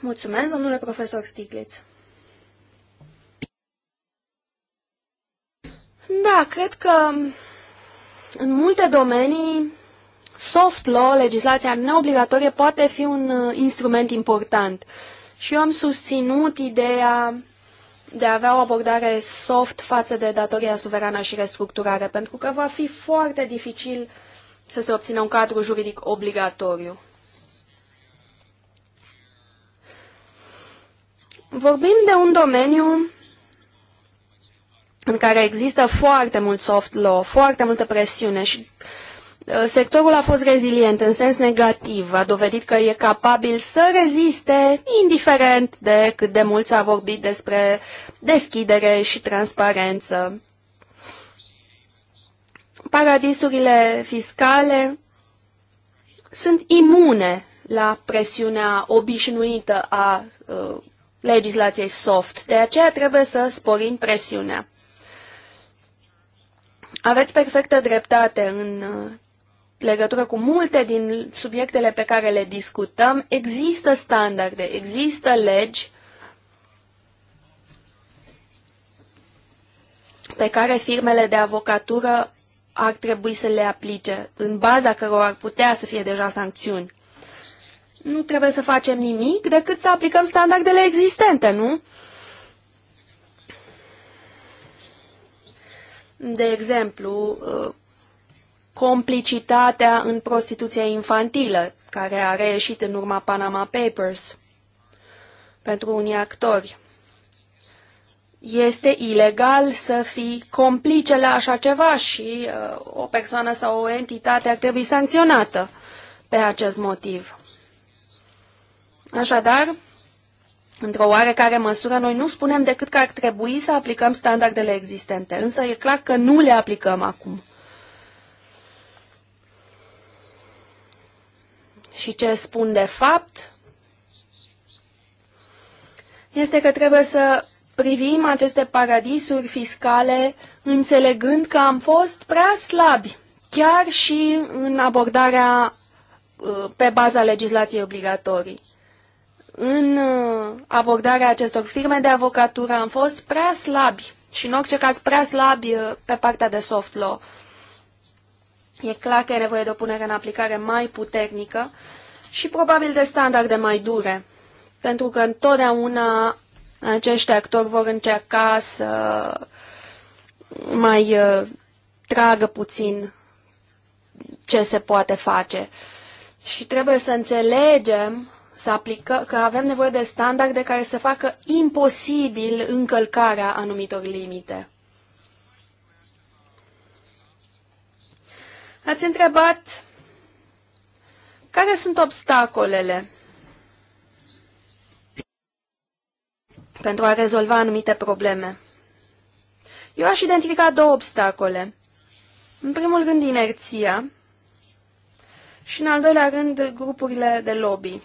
Mulțumesc, domnule profesor Stiglitz. Da, cred că în multe domenii soft law, legislația neobligatorie, poate fi un uh, instrument important. Și eu am susținut ideea de a avea o abordare soft față de datoria suverană și restructurare, pentru că va fi foarte dificil să se obțină un cadru juridic obligatoriu. Vorbim de un domeniu în care există foarte mult soft law, foarte multă presiune și uh, sectorul a fost rezilient în sens negativ, a dovedit că e capabil să reziste, indiferent de cât de mult s-a vorbit despre deschidere și transparență. Paradisurile fiscale sunt imune la presiunea obișnuită a uh, legislației soft, de aceea trebuie să sporim presiunea. Aveți perfectă dreptate în uh, legătură cu multe din subiectele pe care le discutăm. Există standarde, există legi pe care firmele de avocatură ar trebui să le aplice, în baza cărora ar putea să fie deja sancțiuni. Nu trebuie să facem nimic decât să aplicăm standardele existente, nu? de exemplu, uh, complicitatea în prostituția infantilă, care a reieșit în urma Panama Papers pentru unii actori. Este ilegal să fii complice la așa ceva și uh, o persoană sau o entitate ar trebui sancționată pe acest motiv. Așadar, Într-o oarecare măsură, noi nu spunem decât că ar trebui să aplicăm standardele existente, însă e clar că nu le aplicăm acum. Și ce spun de fapt este că trebuie să privim aceste paradisuri fiscale înțelegând că am fost prea slabi, chiar și în abordarea uh, pe baza legislației obligatorii în uh, abordarea acestor firme de avocatură am fost prea slabi și în orice caz prea slabi uh, pe partea de soft law. E clar că e nevoie de o punere în aplicare mai puternică și probabil de standarde mai dure, pentru că întotdeauna acești actori vor încerca să mai uh, tragă puțin ce se poate face. Și trebuie să înțelegem să aplică, că avem nevoie de standarde care să facă imposibil încălcarea anumitor limite. Ați întrebat care sunt obstacolele pentru a rezolva anumite probleme. Eu aș identifica două obstacole. În primul rând, inerția și, în al doilea rând, grupurile de lobby.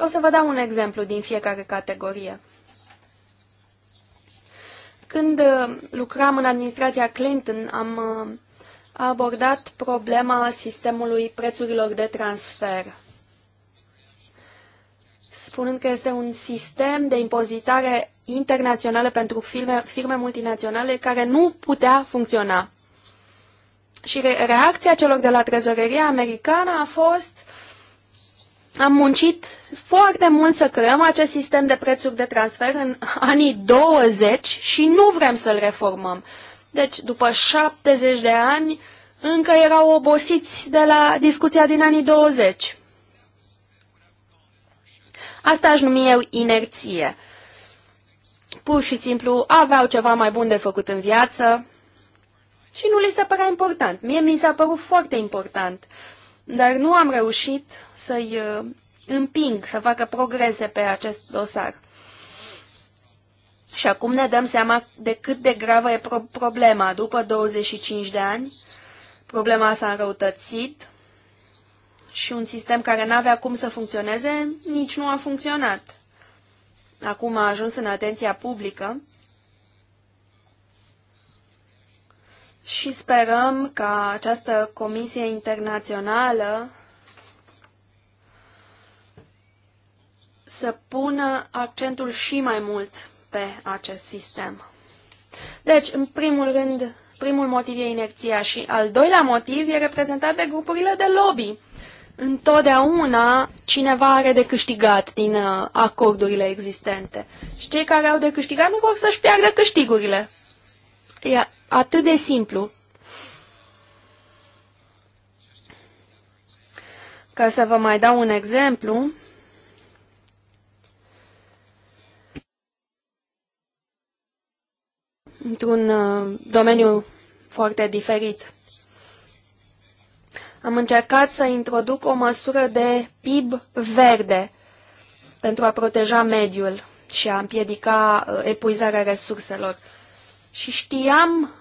O să vă dau un exemplu din fiecare categorie. Când uh, lucram în administrația Clinton, am uh, abordat problema sistemului prețurilor de transfer, spunând că este un sistem de impozitare internațională pentru firme, firme multinaționale care nu putea funcționa. Și re reacția celor de la trezoreria americană a fost am muncit foarte mult să creăm acest sistem de prețuri de transfer în anii 20 și nu vrem să-l reformăm. Deci, după 70 de ani, încă erau obosiți de la discuția din anii 20. Asta aș numi eu inerție. Pur și simplu aveau ceva mai bun de făcut în viață și nu li se părea important. Mie mi s-a părut foarte important dar nu am reușit să-i uh, împing să facă progrese pe acest dosar. Și acum ne dăm seama de cât de gravă e pro problema. După 25 de ani, problema s-a înrăutățit și un sistem care n-avea cum să funcționeze, nici nu a funcționat. Acum a ajuns în atenția publică și sperăm ca această comisie internațională să pună accentul și mai mult pe acest sistem. Deci, în primul rând, primul motiv e inerția și al doilea motiv e reprezentat de grupurile de lobby. Întotdeauna cineva are de câștigat din uh, acordurile existente și cei care au de câștigat nu vor să-și piardă câștigurile. Ia, Atât de simplu. Ca să vă mai dau un exemplu, într-un uh, domeniu foarte diferit. Am încercat să introduc o măsură de PIB verde pentru a proteja mediul și a împiedica uh, epuizarea resurselor și știam,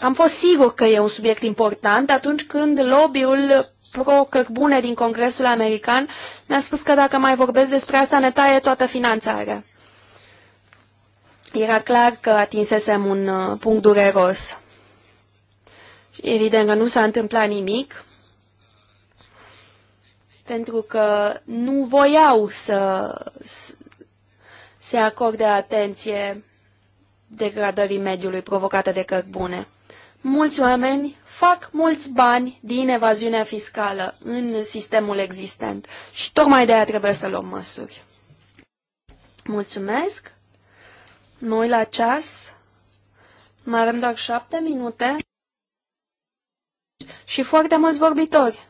am fost sigur că e un subiect important atunci când lobby-ul pro-cărbune din Congresul American mi-a spus că dacă mai vorbesc despre asta ne taie toată finanțarea. Era clar că atinsesem un uh, punct dureros. Evident că nu s-a întâmplat nimic, pentru că nu voiau să se acorde atenție degradării mediului provocate de cărbune. Mulți oameni fac mulți bani din evaziunea fiscală în sistemul existent și tocmai de aia trebuie să luăm măsuri. Mulțumesc! Noi la ceas mai avem doar șapte minute și foarte mulți vorbitori.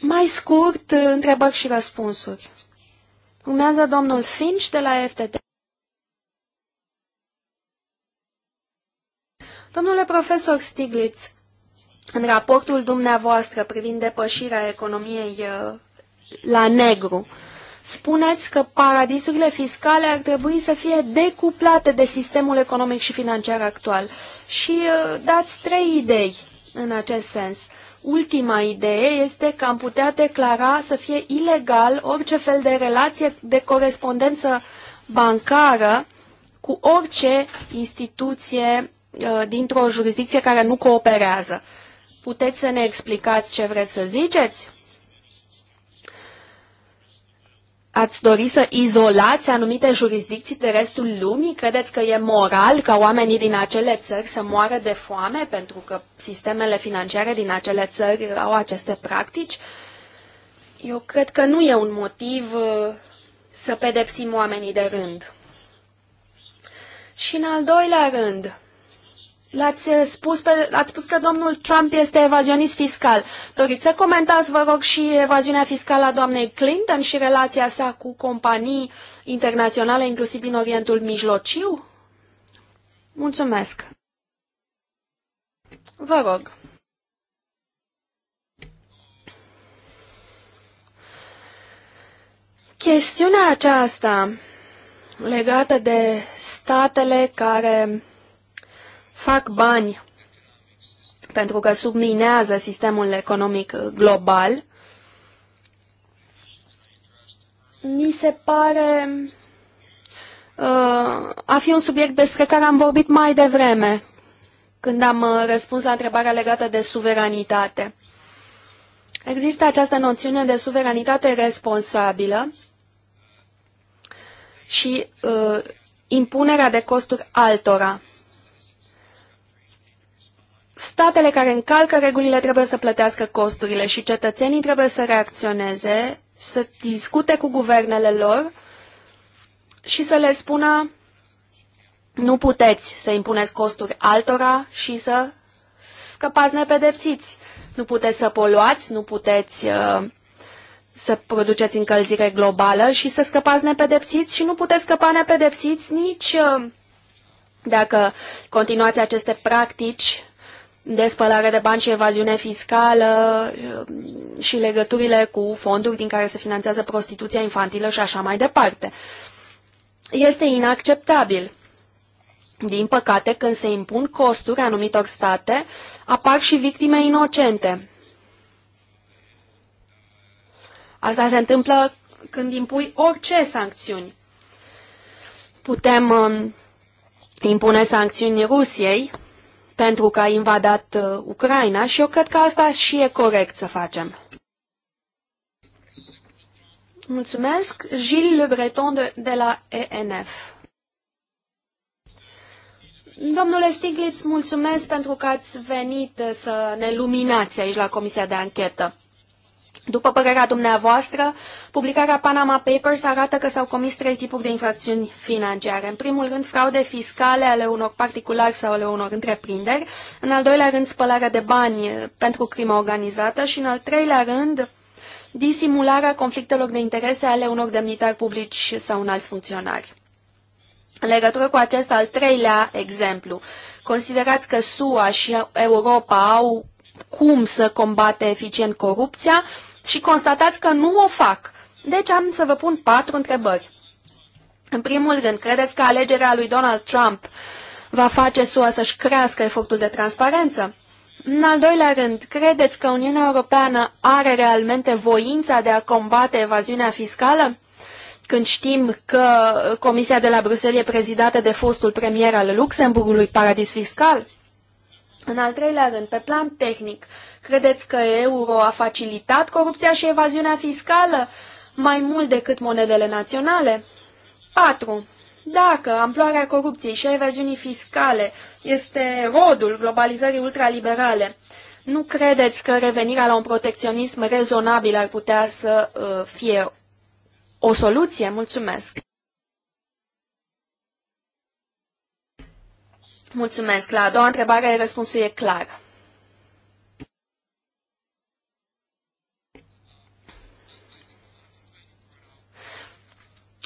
Mai scurt, întrebări și răspunsuri. Urmează domnul Finch de la FTT. Domnule profesor Stiglitz, în raportul dumneavoastră privind depășirea economiei uh, la negru, spuneți că paradisurile fiscale ar trebui să fie decuplate de sistemul economic și financiar actual și uh, dați trei idei în acest sens. Ultima idee este că am putea declara să fie ilegal orice fel de relație de corespondență bancară cu orice instituție uh, dintr-o jurisdicție care nu cooperează. Puteți să ne explicați ce vreți să ziceți? Ați dori să izolați anumite jurisdicții de restul lumii? Credeți că e moral ca oamenii din acele țări să moară de foame pentru că sistemele financiare din acele țări au aceste practici? Eu cred că nu e un motiv uh, să pedepsim oamenii de rând. Și în al doilea rând, L-ați eh, spus, pe, ați spus că domnul Trump este evazionist fiscal. Doriți să comentați, vă rog, și evaziunea fiscală a doamnei Clinton și relația sa cu companii internaționale, inclusiv din Orientul Mijlociu? Mulțumesc. Vă rog. Chestiunea aceasta legată de statele care fac bani pentru că subminează sistemul economic global, mi se pare uh, a fi un subiect despre care am vorbit mai devreme, când am uh, răspuns la întrebarea legată de suveranitate. Există această noțiune de suveranitate responsabilă și uh, impunerea de costuri altora. Statele care încalcă regulile trebuie să plătească costurile și cetățenii trebuie să reacționeze, să discute cu guvernele lor și să le spună nu puteți să impuneți costuri altora și să scăpați nepedepsiți. Nu puteți să poluați, nu puteți uh, să produceți încălzire globală și să scăpați nepedepsiți și nu puteți scăpa nepedepsiți nici uh, dacă continuați aceste practici de spălare de bani și evaziune fiscală um, și legăturile cu fonduri din care se finanțează prostituția infantilă și așa mai departe. Este inacceptabil. Din păcate, când se impun costuri anumitor state, apar și victime inocente. Asta se întâmplă când impui orice sancțiuni. Putem um, impune sancțiuni Rusiei, pentru că a invadat uh, Ucraina și eu cred că asta și e corect să facem. Mulțumesc, Gilles Le Breton de, de la ENF. Domnule Stiglitz, mulțumesc pentru că ați venit să ne luminați aici la Comisia de Anchetă. După părerea dumneavoastră, publicarea Panama Papers arată că s-au comis trei tipuri de infracțiuni financiare. În primul rând, fraude fiscale ale unor particulari sau ale unor întreprinderi. În al doilea rând, spălarea de bani eh, pentru crimă organizată. Și în al treilea rând, disimularea conflictelor de interese ale unor demnitari publici sau un alți funcționari. În legătură cu acest al treilea exemplu, considerați că SUA și Europa au cum să combate eficient corupția și constatați că nu o fac. Deci am să vă pun patru întrebări. În primul rând, credeți că alegerea lui Donald Trump va face SUA să-și crească efortul de transparență? În al doilea rând, credeți că Uniunea Europeană are realmente voința de a combate evaziunea fiscală? Când știm că Comisia de la Bruxelles e prezidată de fostul premier al Luxemburgului, paradis fiscal? În al treilea rând, pe plan tehnic, credeți că euro a facilitat corupția și evaziunea fiscală mai mult decât monedele naționale? 4. Dacă amploarea corupției și a evaziunii fiscale este rodul globalizării ultraliberale, nu credeți că revenirea la un protecționism rezonabil ar putea să uh, fie o soluție? Mulțumesc! Mulțumesc. La a doua întrebare, răspunsul e clar.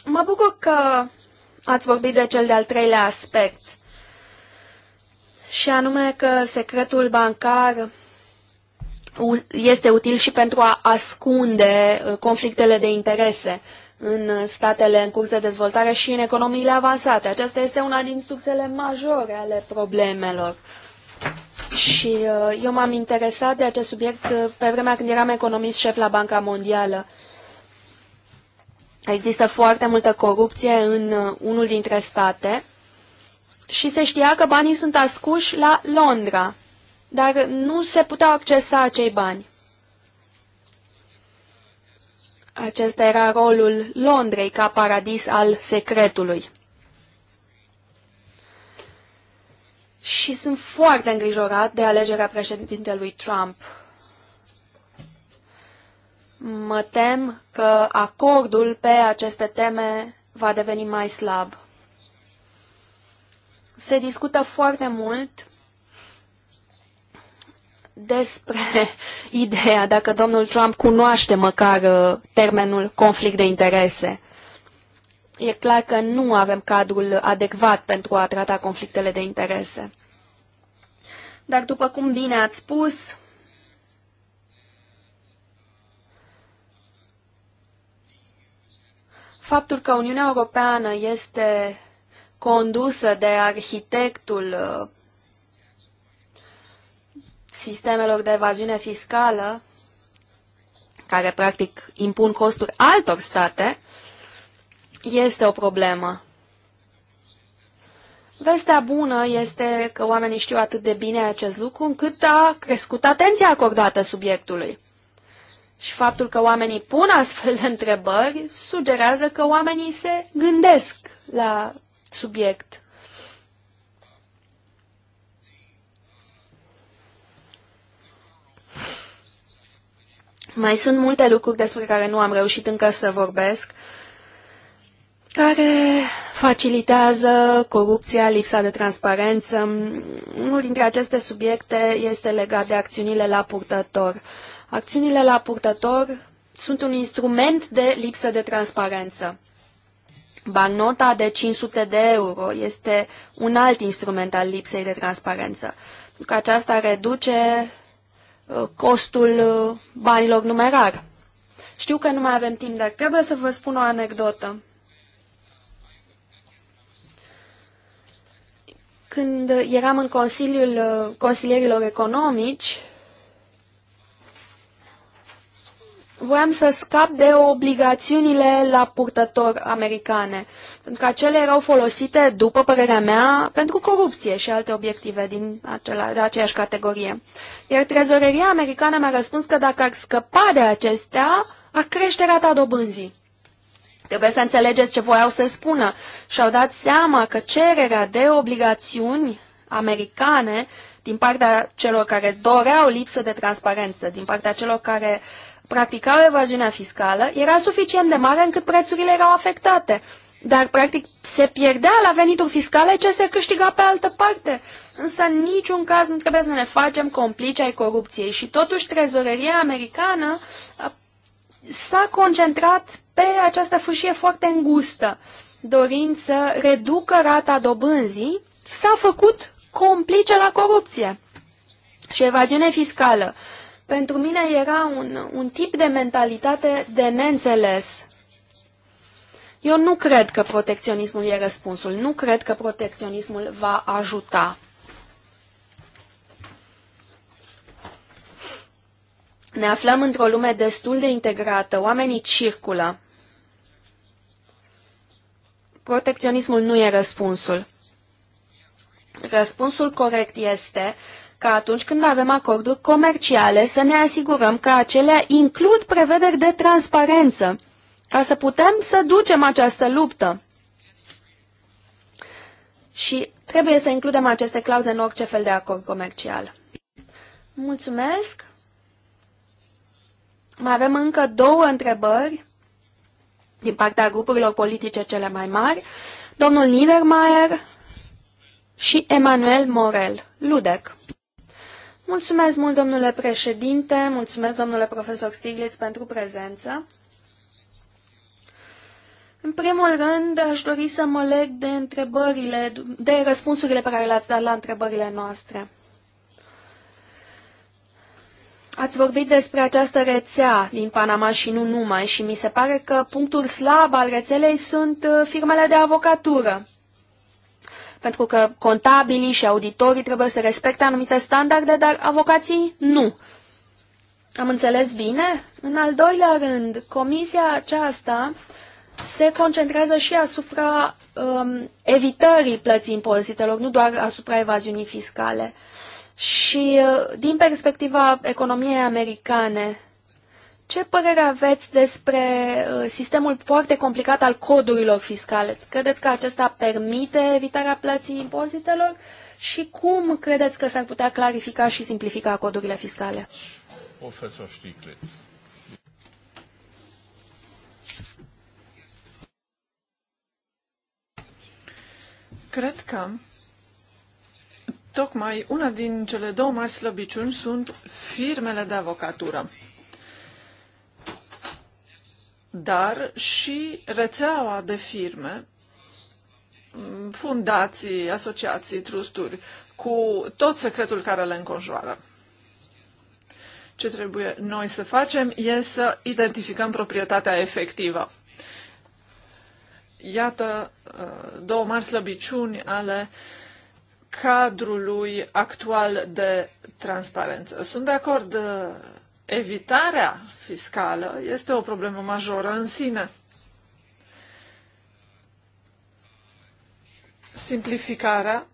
Mă bucur că ați vorbit de cel de-al treilea aspect, și anume că secretul bancar este util și pentru a ascunde uh, conflictele de interese în statele în curs de dezvoltare și în economiile avansate. Aceasta este una din sursele majore ale problemelor. Și uh, eu m-am interesat de acest subiect uh, pe vremea când eram economist șef la Banca Mondială. Există foarte multă corupție în uh, unul dintre state și se știa că banii sunt ascuși la Londra, dar nu se puteau accesa acei bani. Acesta era rolul Londrei ca paradis al secretului. Și sunt foarte îngrijorat de alegerea președintelui Trump. Mă tem că acordul pe aceste teme va deveni mai slab. Se discută foarte mult despre ideea dacă domnul Trump cunoaște măcar uh, termenul conflict de interese. E clar că nu avem cadrul adecvat pentru a trata conflictele de interese. Dar după cum bine ați spus, faptul că Uniunea Europeană este condusă de arhitectul uh, sistemelor de evaziune fiscală, care practic impun costuri altor state, este o problemă. Vestea bună este că oamenii știu atât de bine acest lucru încât a crescut atenția acordată subiectului. Și faptul că oamenii pun astfel de întrebări sugerează că oamenii se gândesc la subiect. Mai sunt multe lucruri despre care nu am reușit încă să vorbesc, care facilitează corupția, lipsa de transparență. Unul dintre aceste subiecte este legat de acțiunile la purtător. Acțiunile la purtător sunt un instrument de lipsă de transparență. Bannota de 500 de euro este un alt instrument al lipsei de transparență, pentru că aceasta reduce Uh, costul uh, banilor numerar. Știu că nu mai avem timp, dar trebuie să vă spun o anecdotă. Când eram în Consiliul uh, Consilierilor Economici, voiam să scap de obligațiunile la purtător americane, pentru că acele erau folosite, după părerea mea, pentru corupție și alte obiective din acela, de aceeași categorie. Iar trezoreria americană mi-a răspuns că dacă ar scăpa de acestea, ar crește rata dobânzii. Trebuie să înțelegeți ce voiau să spună și au dat seama că cererea de obligațiuni americane din partea celor care doreau lipsă de transparență, din partea celor care uh, practicau evaziunea fiscală era suficient de mare încât prețurile erau afectate. Dar, practic, se pierdea la venituri fiscale ce se câștiga pe altă parte. Însă, în niciun caz nu trebuie să ne facem complice ai corupției. Și totuși, trezoreria americană s-a concentrat pe această fâșie foarte îngustă, dorind să reducă rata dobânzii, s-a făcut complice la corupție și evaziune fiscală pentru mine era un, un tip de mentalitate de neînțeles. Eu nu cred că protecționismul e răspunsul, nu cred că protecționismul va ajuta. Ne aflăm într-o lume destul de integrată, oamenii circulă. Protecționismul nu e răspunsul. Răspunsul corect este ca atunci când avem acorduri comerciale să ne asigurăm că acelea includ prevederi de transparență, ca să putem să ducem această luptă. Și trebuie să includem aceste clauze în orice fel de acord comercial. Mulțumesc! Mai avem încă două întrebări din partea grupurilor politice cele mai mari, domnul Niedermayer și Emanuel Morel, Ludec. Mulțumesc mult, domnule președinte, mulțumesc, domnule profesor Stiglitz, pentru prezență. În primul rând, aș dori să mă leg de întrebările, de răspunsurile pe care le-ați dat la întrebările noastre. Ați vorbit despre această rețea din Panama și nu numai și mi se pare că punctul slab al rețelei sunt uh, firmele de avocatură pentru că contabilii și auditorii trebuie să respecte anumite standarde, dar avocații nu. Am înțeles bine? În al doilea rând, comisia aceasta se concentrează și asupra um, evitării plății impozitelor, nu doar asupra evaziunii fiscale. Și uh, din perspectiva economiei americane, ce părere aveți despre uh, sistemul foarte complicat al codurilor fiscale? Credeți că acesta permite evitarea plății impozitelor? Și cum credeți că s-ar putea clarifica și simplifica codurile fiscale? Profesor Stiglitz. Cred că tocmai una din cele două mari slăbiciuni sunt firmele de avocatură dar și rețeaua de firme, fundații, asociații, trusturi, cu tot secretul care le înconjoară. Ce trebuie noi să facem e să identificăm proprietatea efectivă. Iată uh, două mari slăbiciuni ale cadrului actual de transparență. Sunt de acord uh, evitarea fiscală este o problemă majoră în sine. Simplificarea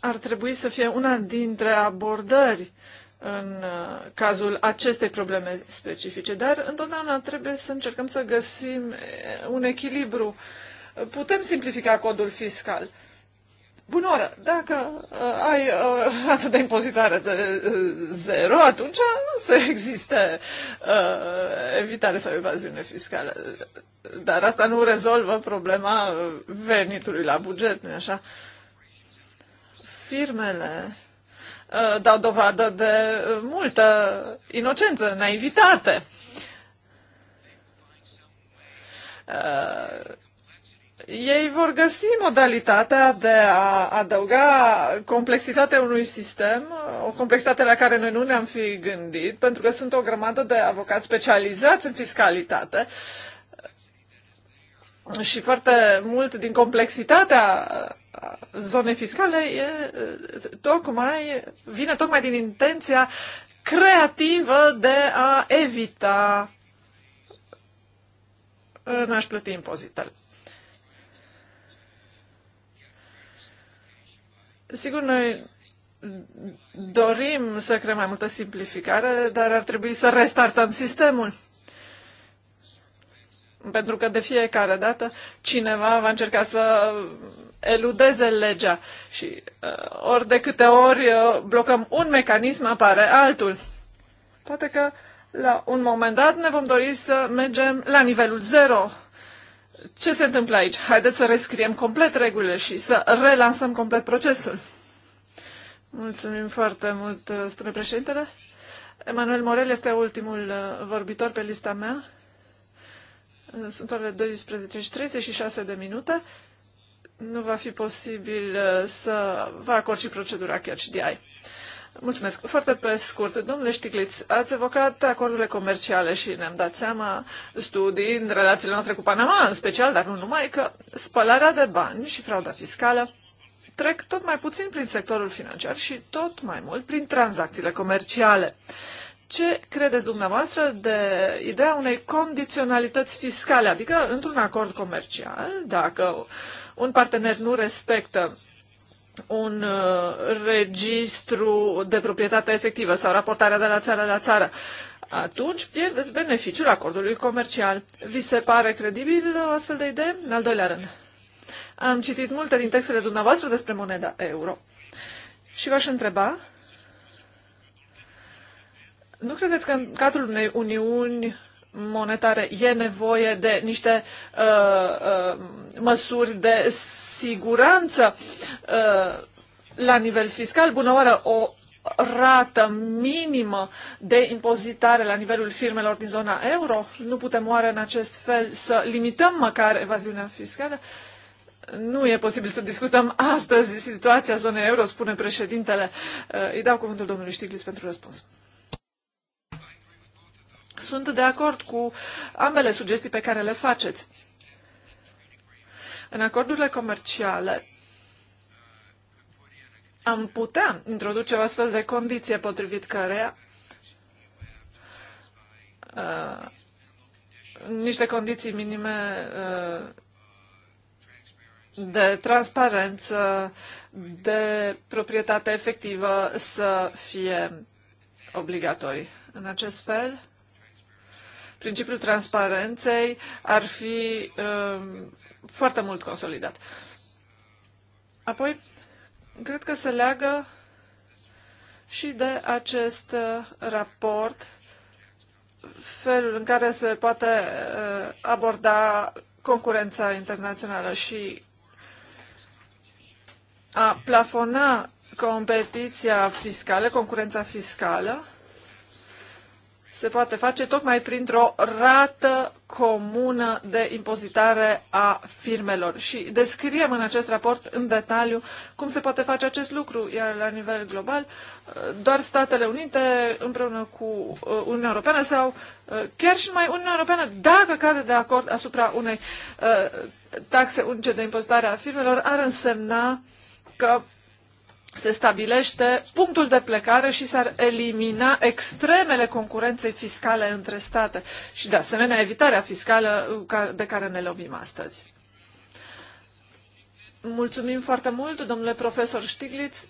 ar trebui să fie una dintre abordări în uh, cazul acestei probleme specifice, dar întotdeauna trebuie să încercăm să găsim uh, un echilibru. Putem simplifica codul fiscal, Bună dacă uh, ai uh, atât de impozitare de uh, zero, atunci nu se existe uh, evitare sau evaziune fiscală. Dar asta nu rezolvă problema venitului la buget, nu așa? Firmele uh, dau dovadă de multă inocență, naivitate. Uh, ei vor găsi modalitatea de a adăuga complexitatea unui sistem, o complexitate la care noi nu ne-am fi gândit, pentru că sunt o grămadă de avocați specializați în fiscalitate și foarte mult din complexitatea zonei fiscale e, tocmai, vine tocmai din intenția creativă de a evita n-aș plăti impozitele. Sigur, noi dorim să creăm mai multă simplificare, dar ar trebui să restartăm sistemul. Pentru că de fiecare dată cineva va încerca să eludeze legea și uh, ori de câte ori uh, blocăm un mecanism, apare altul. Poate că la un moment dat ne vom dori să mergem la nivelul zero ce se întâmplă aici? Haideți să rescriem complet regulile și să relansăm complet procesul. Mulțumim foarte mult, uh, spune președintele. Emanuel Morel este ultimul uh, vorbitor pe lista mea. Uh, sunt orele 12 și 36 de minute. Nu va fi posibil să vă acord și procedura chiar și de aia. Mulțumesc. Foarte pe scurt, domnule Stiglitz, ați evocat acordurile comerciale și ne-am dat seama studii în relațiile noastre cu Panama, în special, dar nu numai, că spălarea de bani și frauda fiscală trec tot mai puțin prin sectorul financiar și tot mai mult prin tranzacțiile comerciale. Ce credeți dumneavoastră de ideea unei condiționalități fiscale, adică într-un acord comercial, dacă un partener nu respectă un uh, registru de proprietate efectivă sau raportarea de la țară la țară, atunci pierdeți beneficiul acordului comercial. Vi se pare credibil o uh, astfel de idee? În al doilea rând, am citit multe din textele dumneavoastră despre moneda euro și v-aș întreba, nu credeți că în cadrul unei uniuni monetare, e nevoie de niște uh, uh, măsuri de siguranță uh, la nivel fiscal. Bună oară, o rată minimă de impozitare la nivelul firmelor din zona euro? Nu putem oare în acest fel să limităm măcar evaziunea fiscală? Nu e posibil să discutăm astăzi situația zonei euro, spune președintele. Uh, îi dau cuvântul domnului Stiglitz pentru răspuns sunt de acord cu ambele sugestii pe care le faceți. În acordurile comerciale am putea introduce o astfel de condiție potrivit căreia uh, niște condiții minime uh, de transparență, de proprietate efectivă să fie obligatorii. În acest fel, principiul transparenței ar fi uh, foarte mult consolidat. Apoi, cred că se leagă și de acest uh, raport felul în care se poate uh, aborda concurența internațională și a plafona competiția fiscală, concurența fiscală, se poate face tocmai printr-o rată comună de impozitare a firmelor. Și descriem în acest raport în detaliu cum se poate face acest lucru, iar la nivel global doar Statele Unite împreună cu uh, Uniunea Europeană sau uh, chiar și mai Uniunea Europeană, dacă cade de acord asupra unei uh, taxe unice de impozitare a firmelor, ar însemna că se stabilește punctul de plecare și s-ar elimina extremele concurenței fiscale între state și, de asemenea, evitarea fiscală uh, de care ne lovim astăzi. Mulțumim foarte mult, domnule profesor Stiglitz.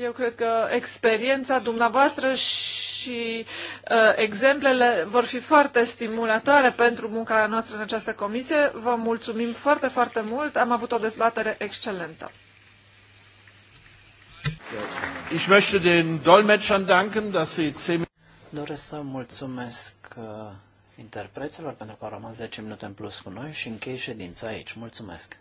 Eu cred că experiența dumneavoastră și uh, exemplele vor fi foarte stimulatoare pentru munca noastră în această comisie. Vă mulțumim foarte, foarte mult. Am avut o dezbatere excelentă. Ich möchte den Dolmetschern danken, dass sie Doresc să mulțumesc uh, interpreților pentru că au rămas 10 minute în plus cu noi și închei ședința aici. Mulțumesc!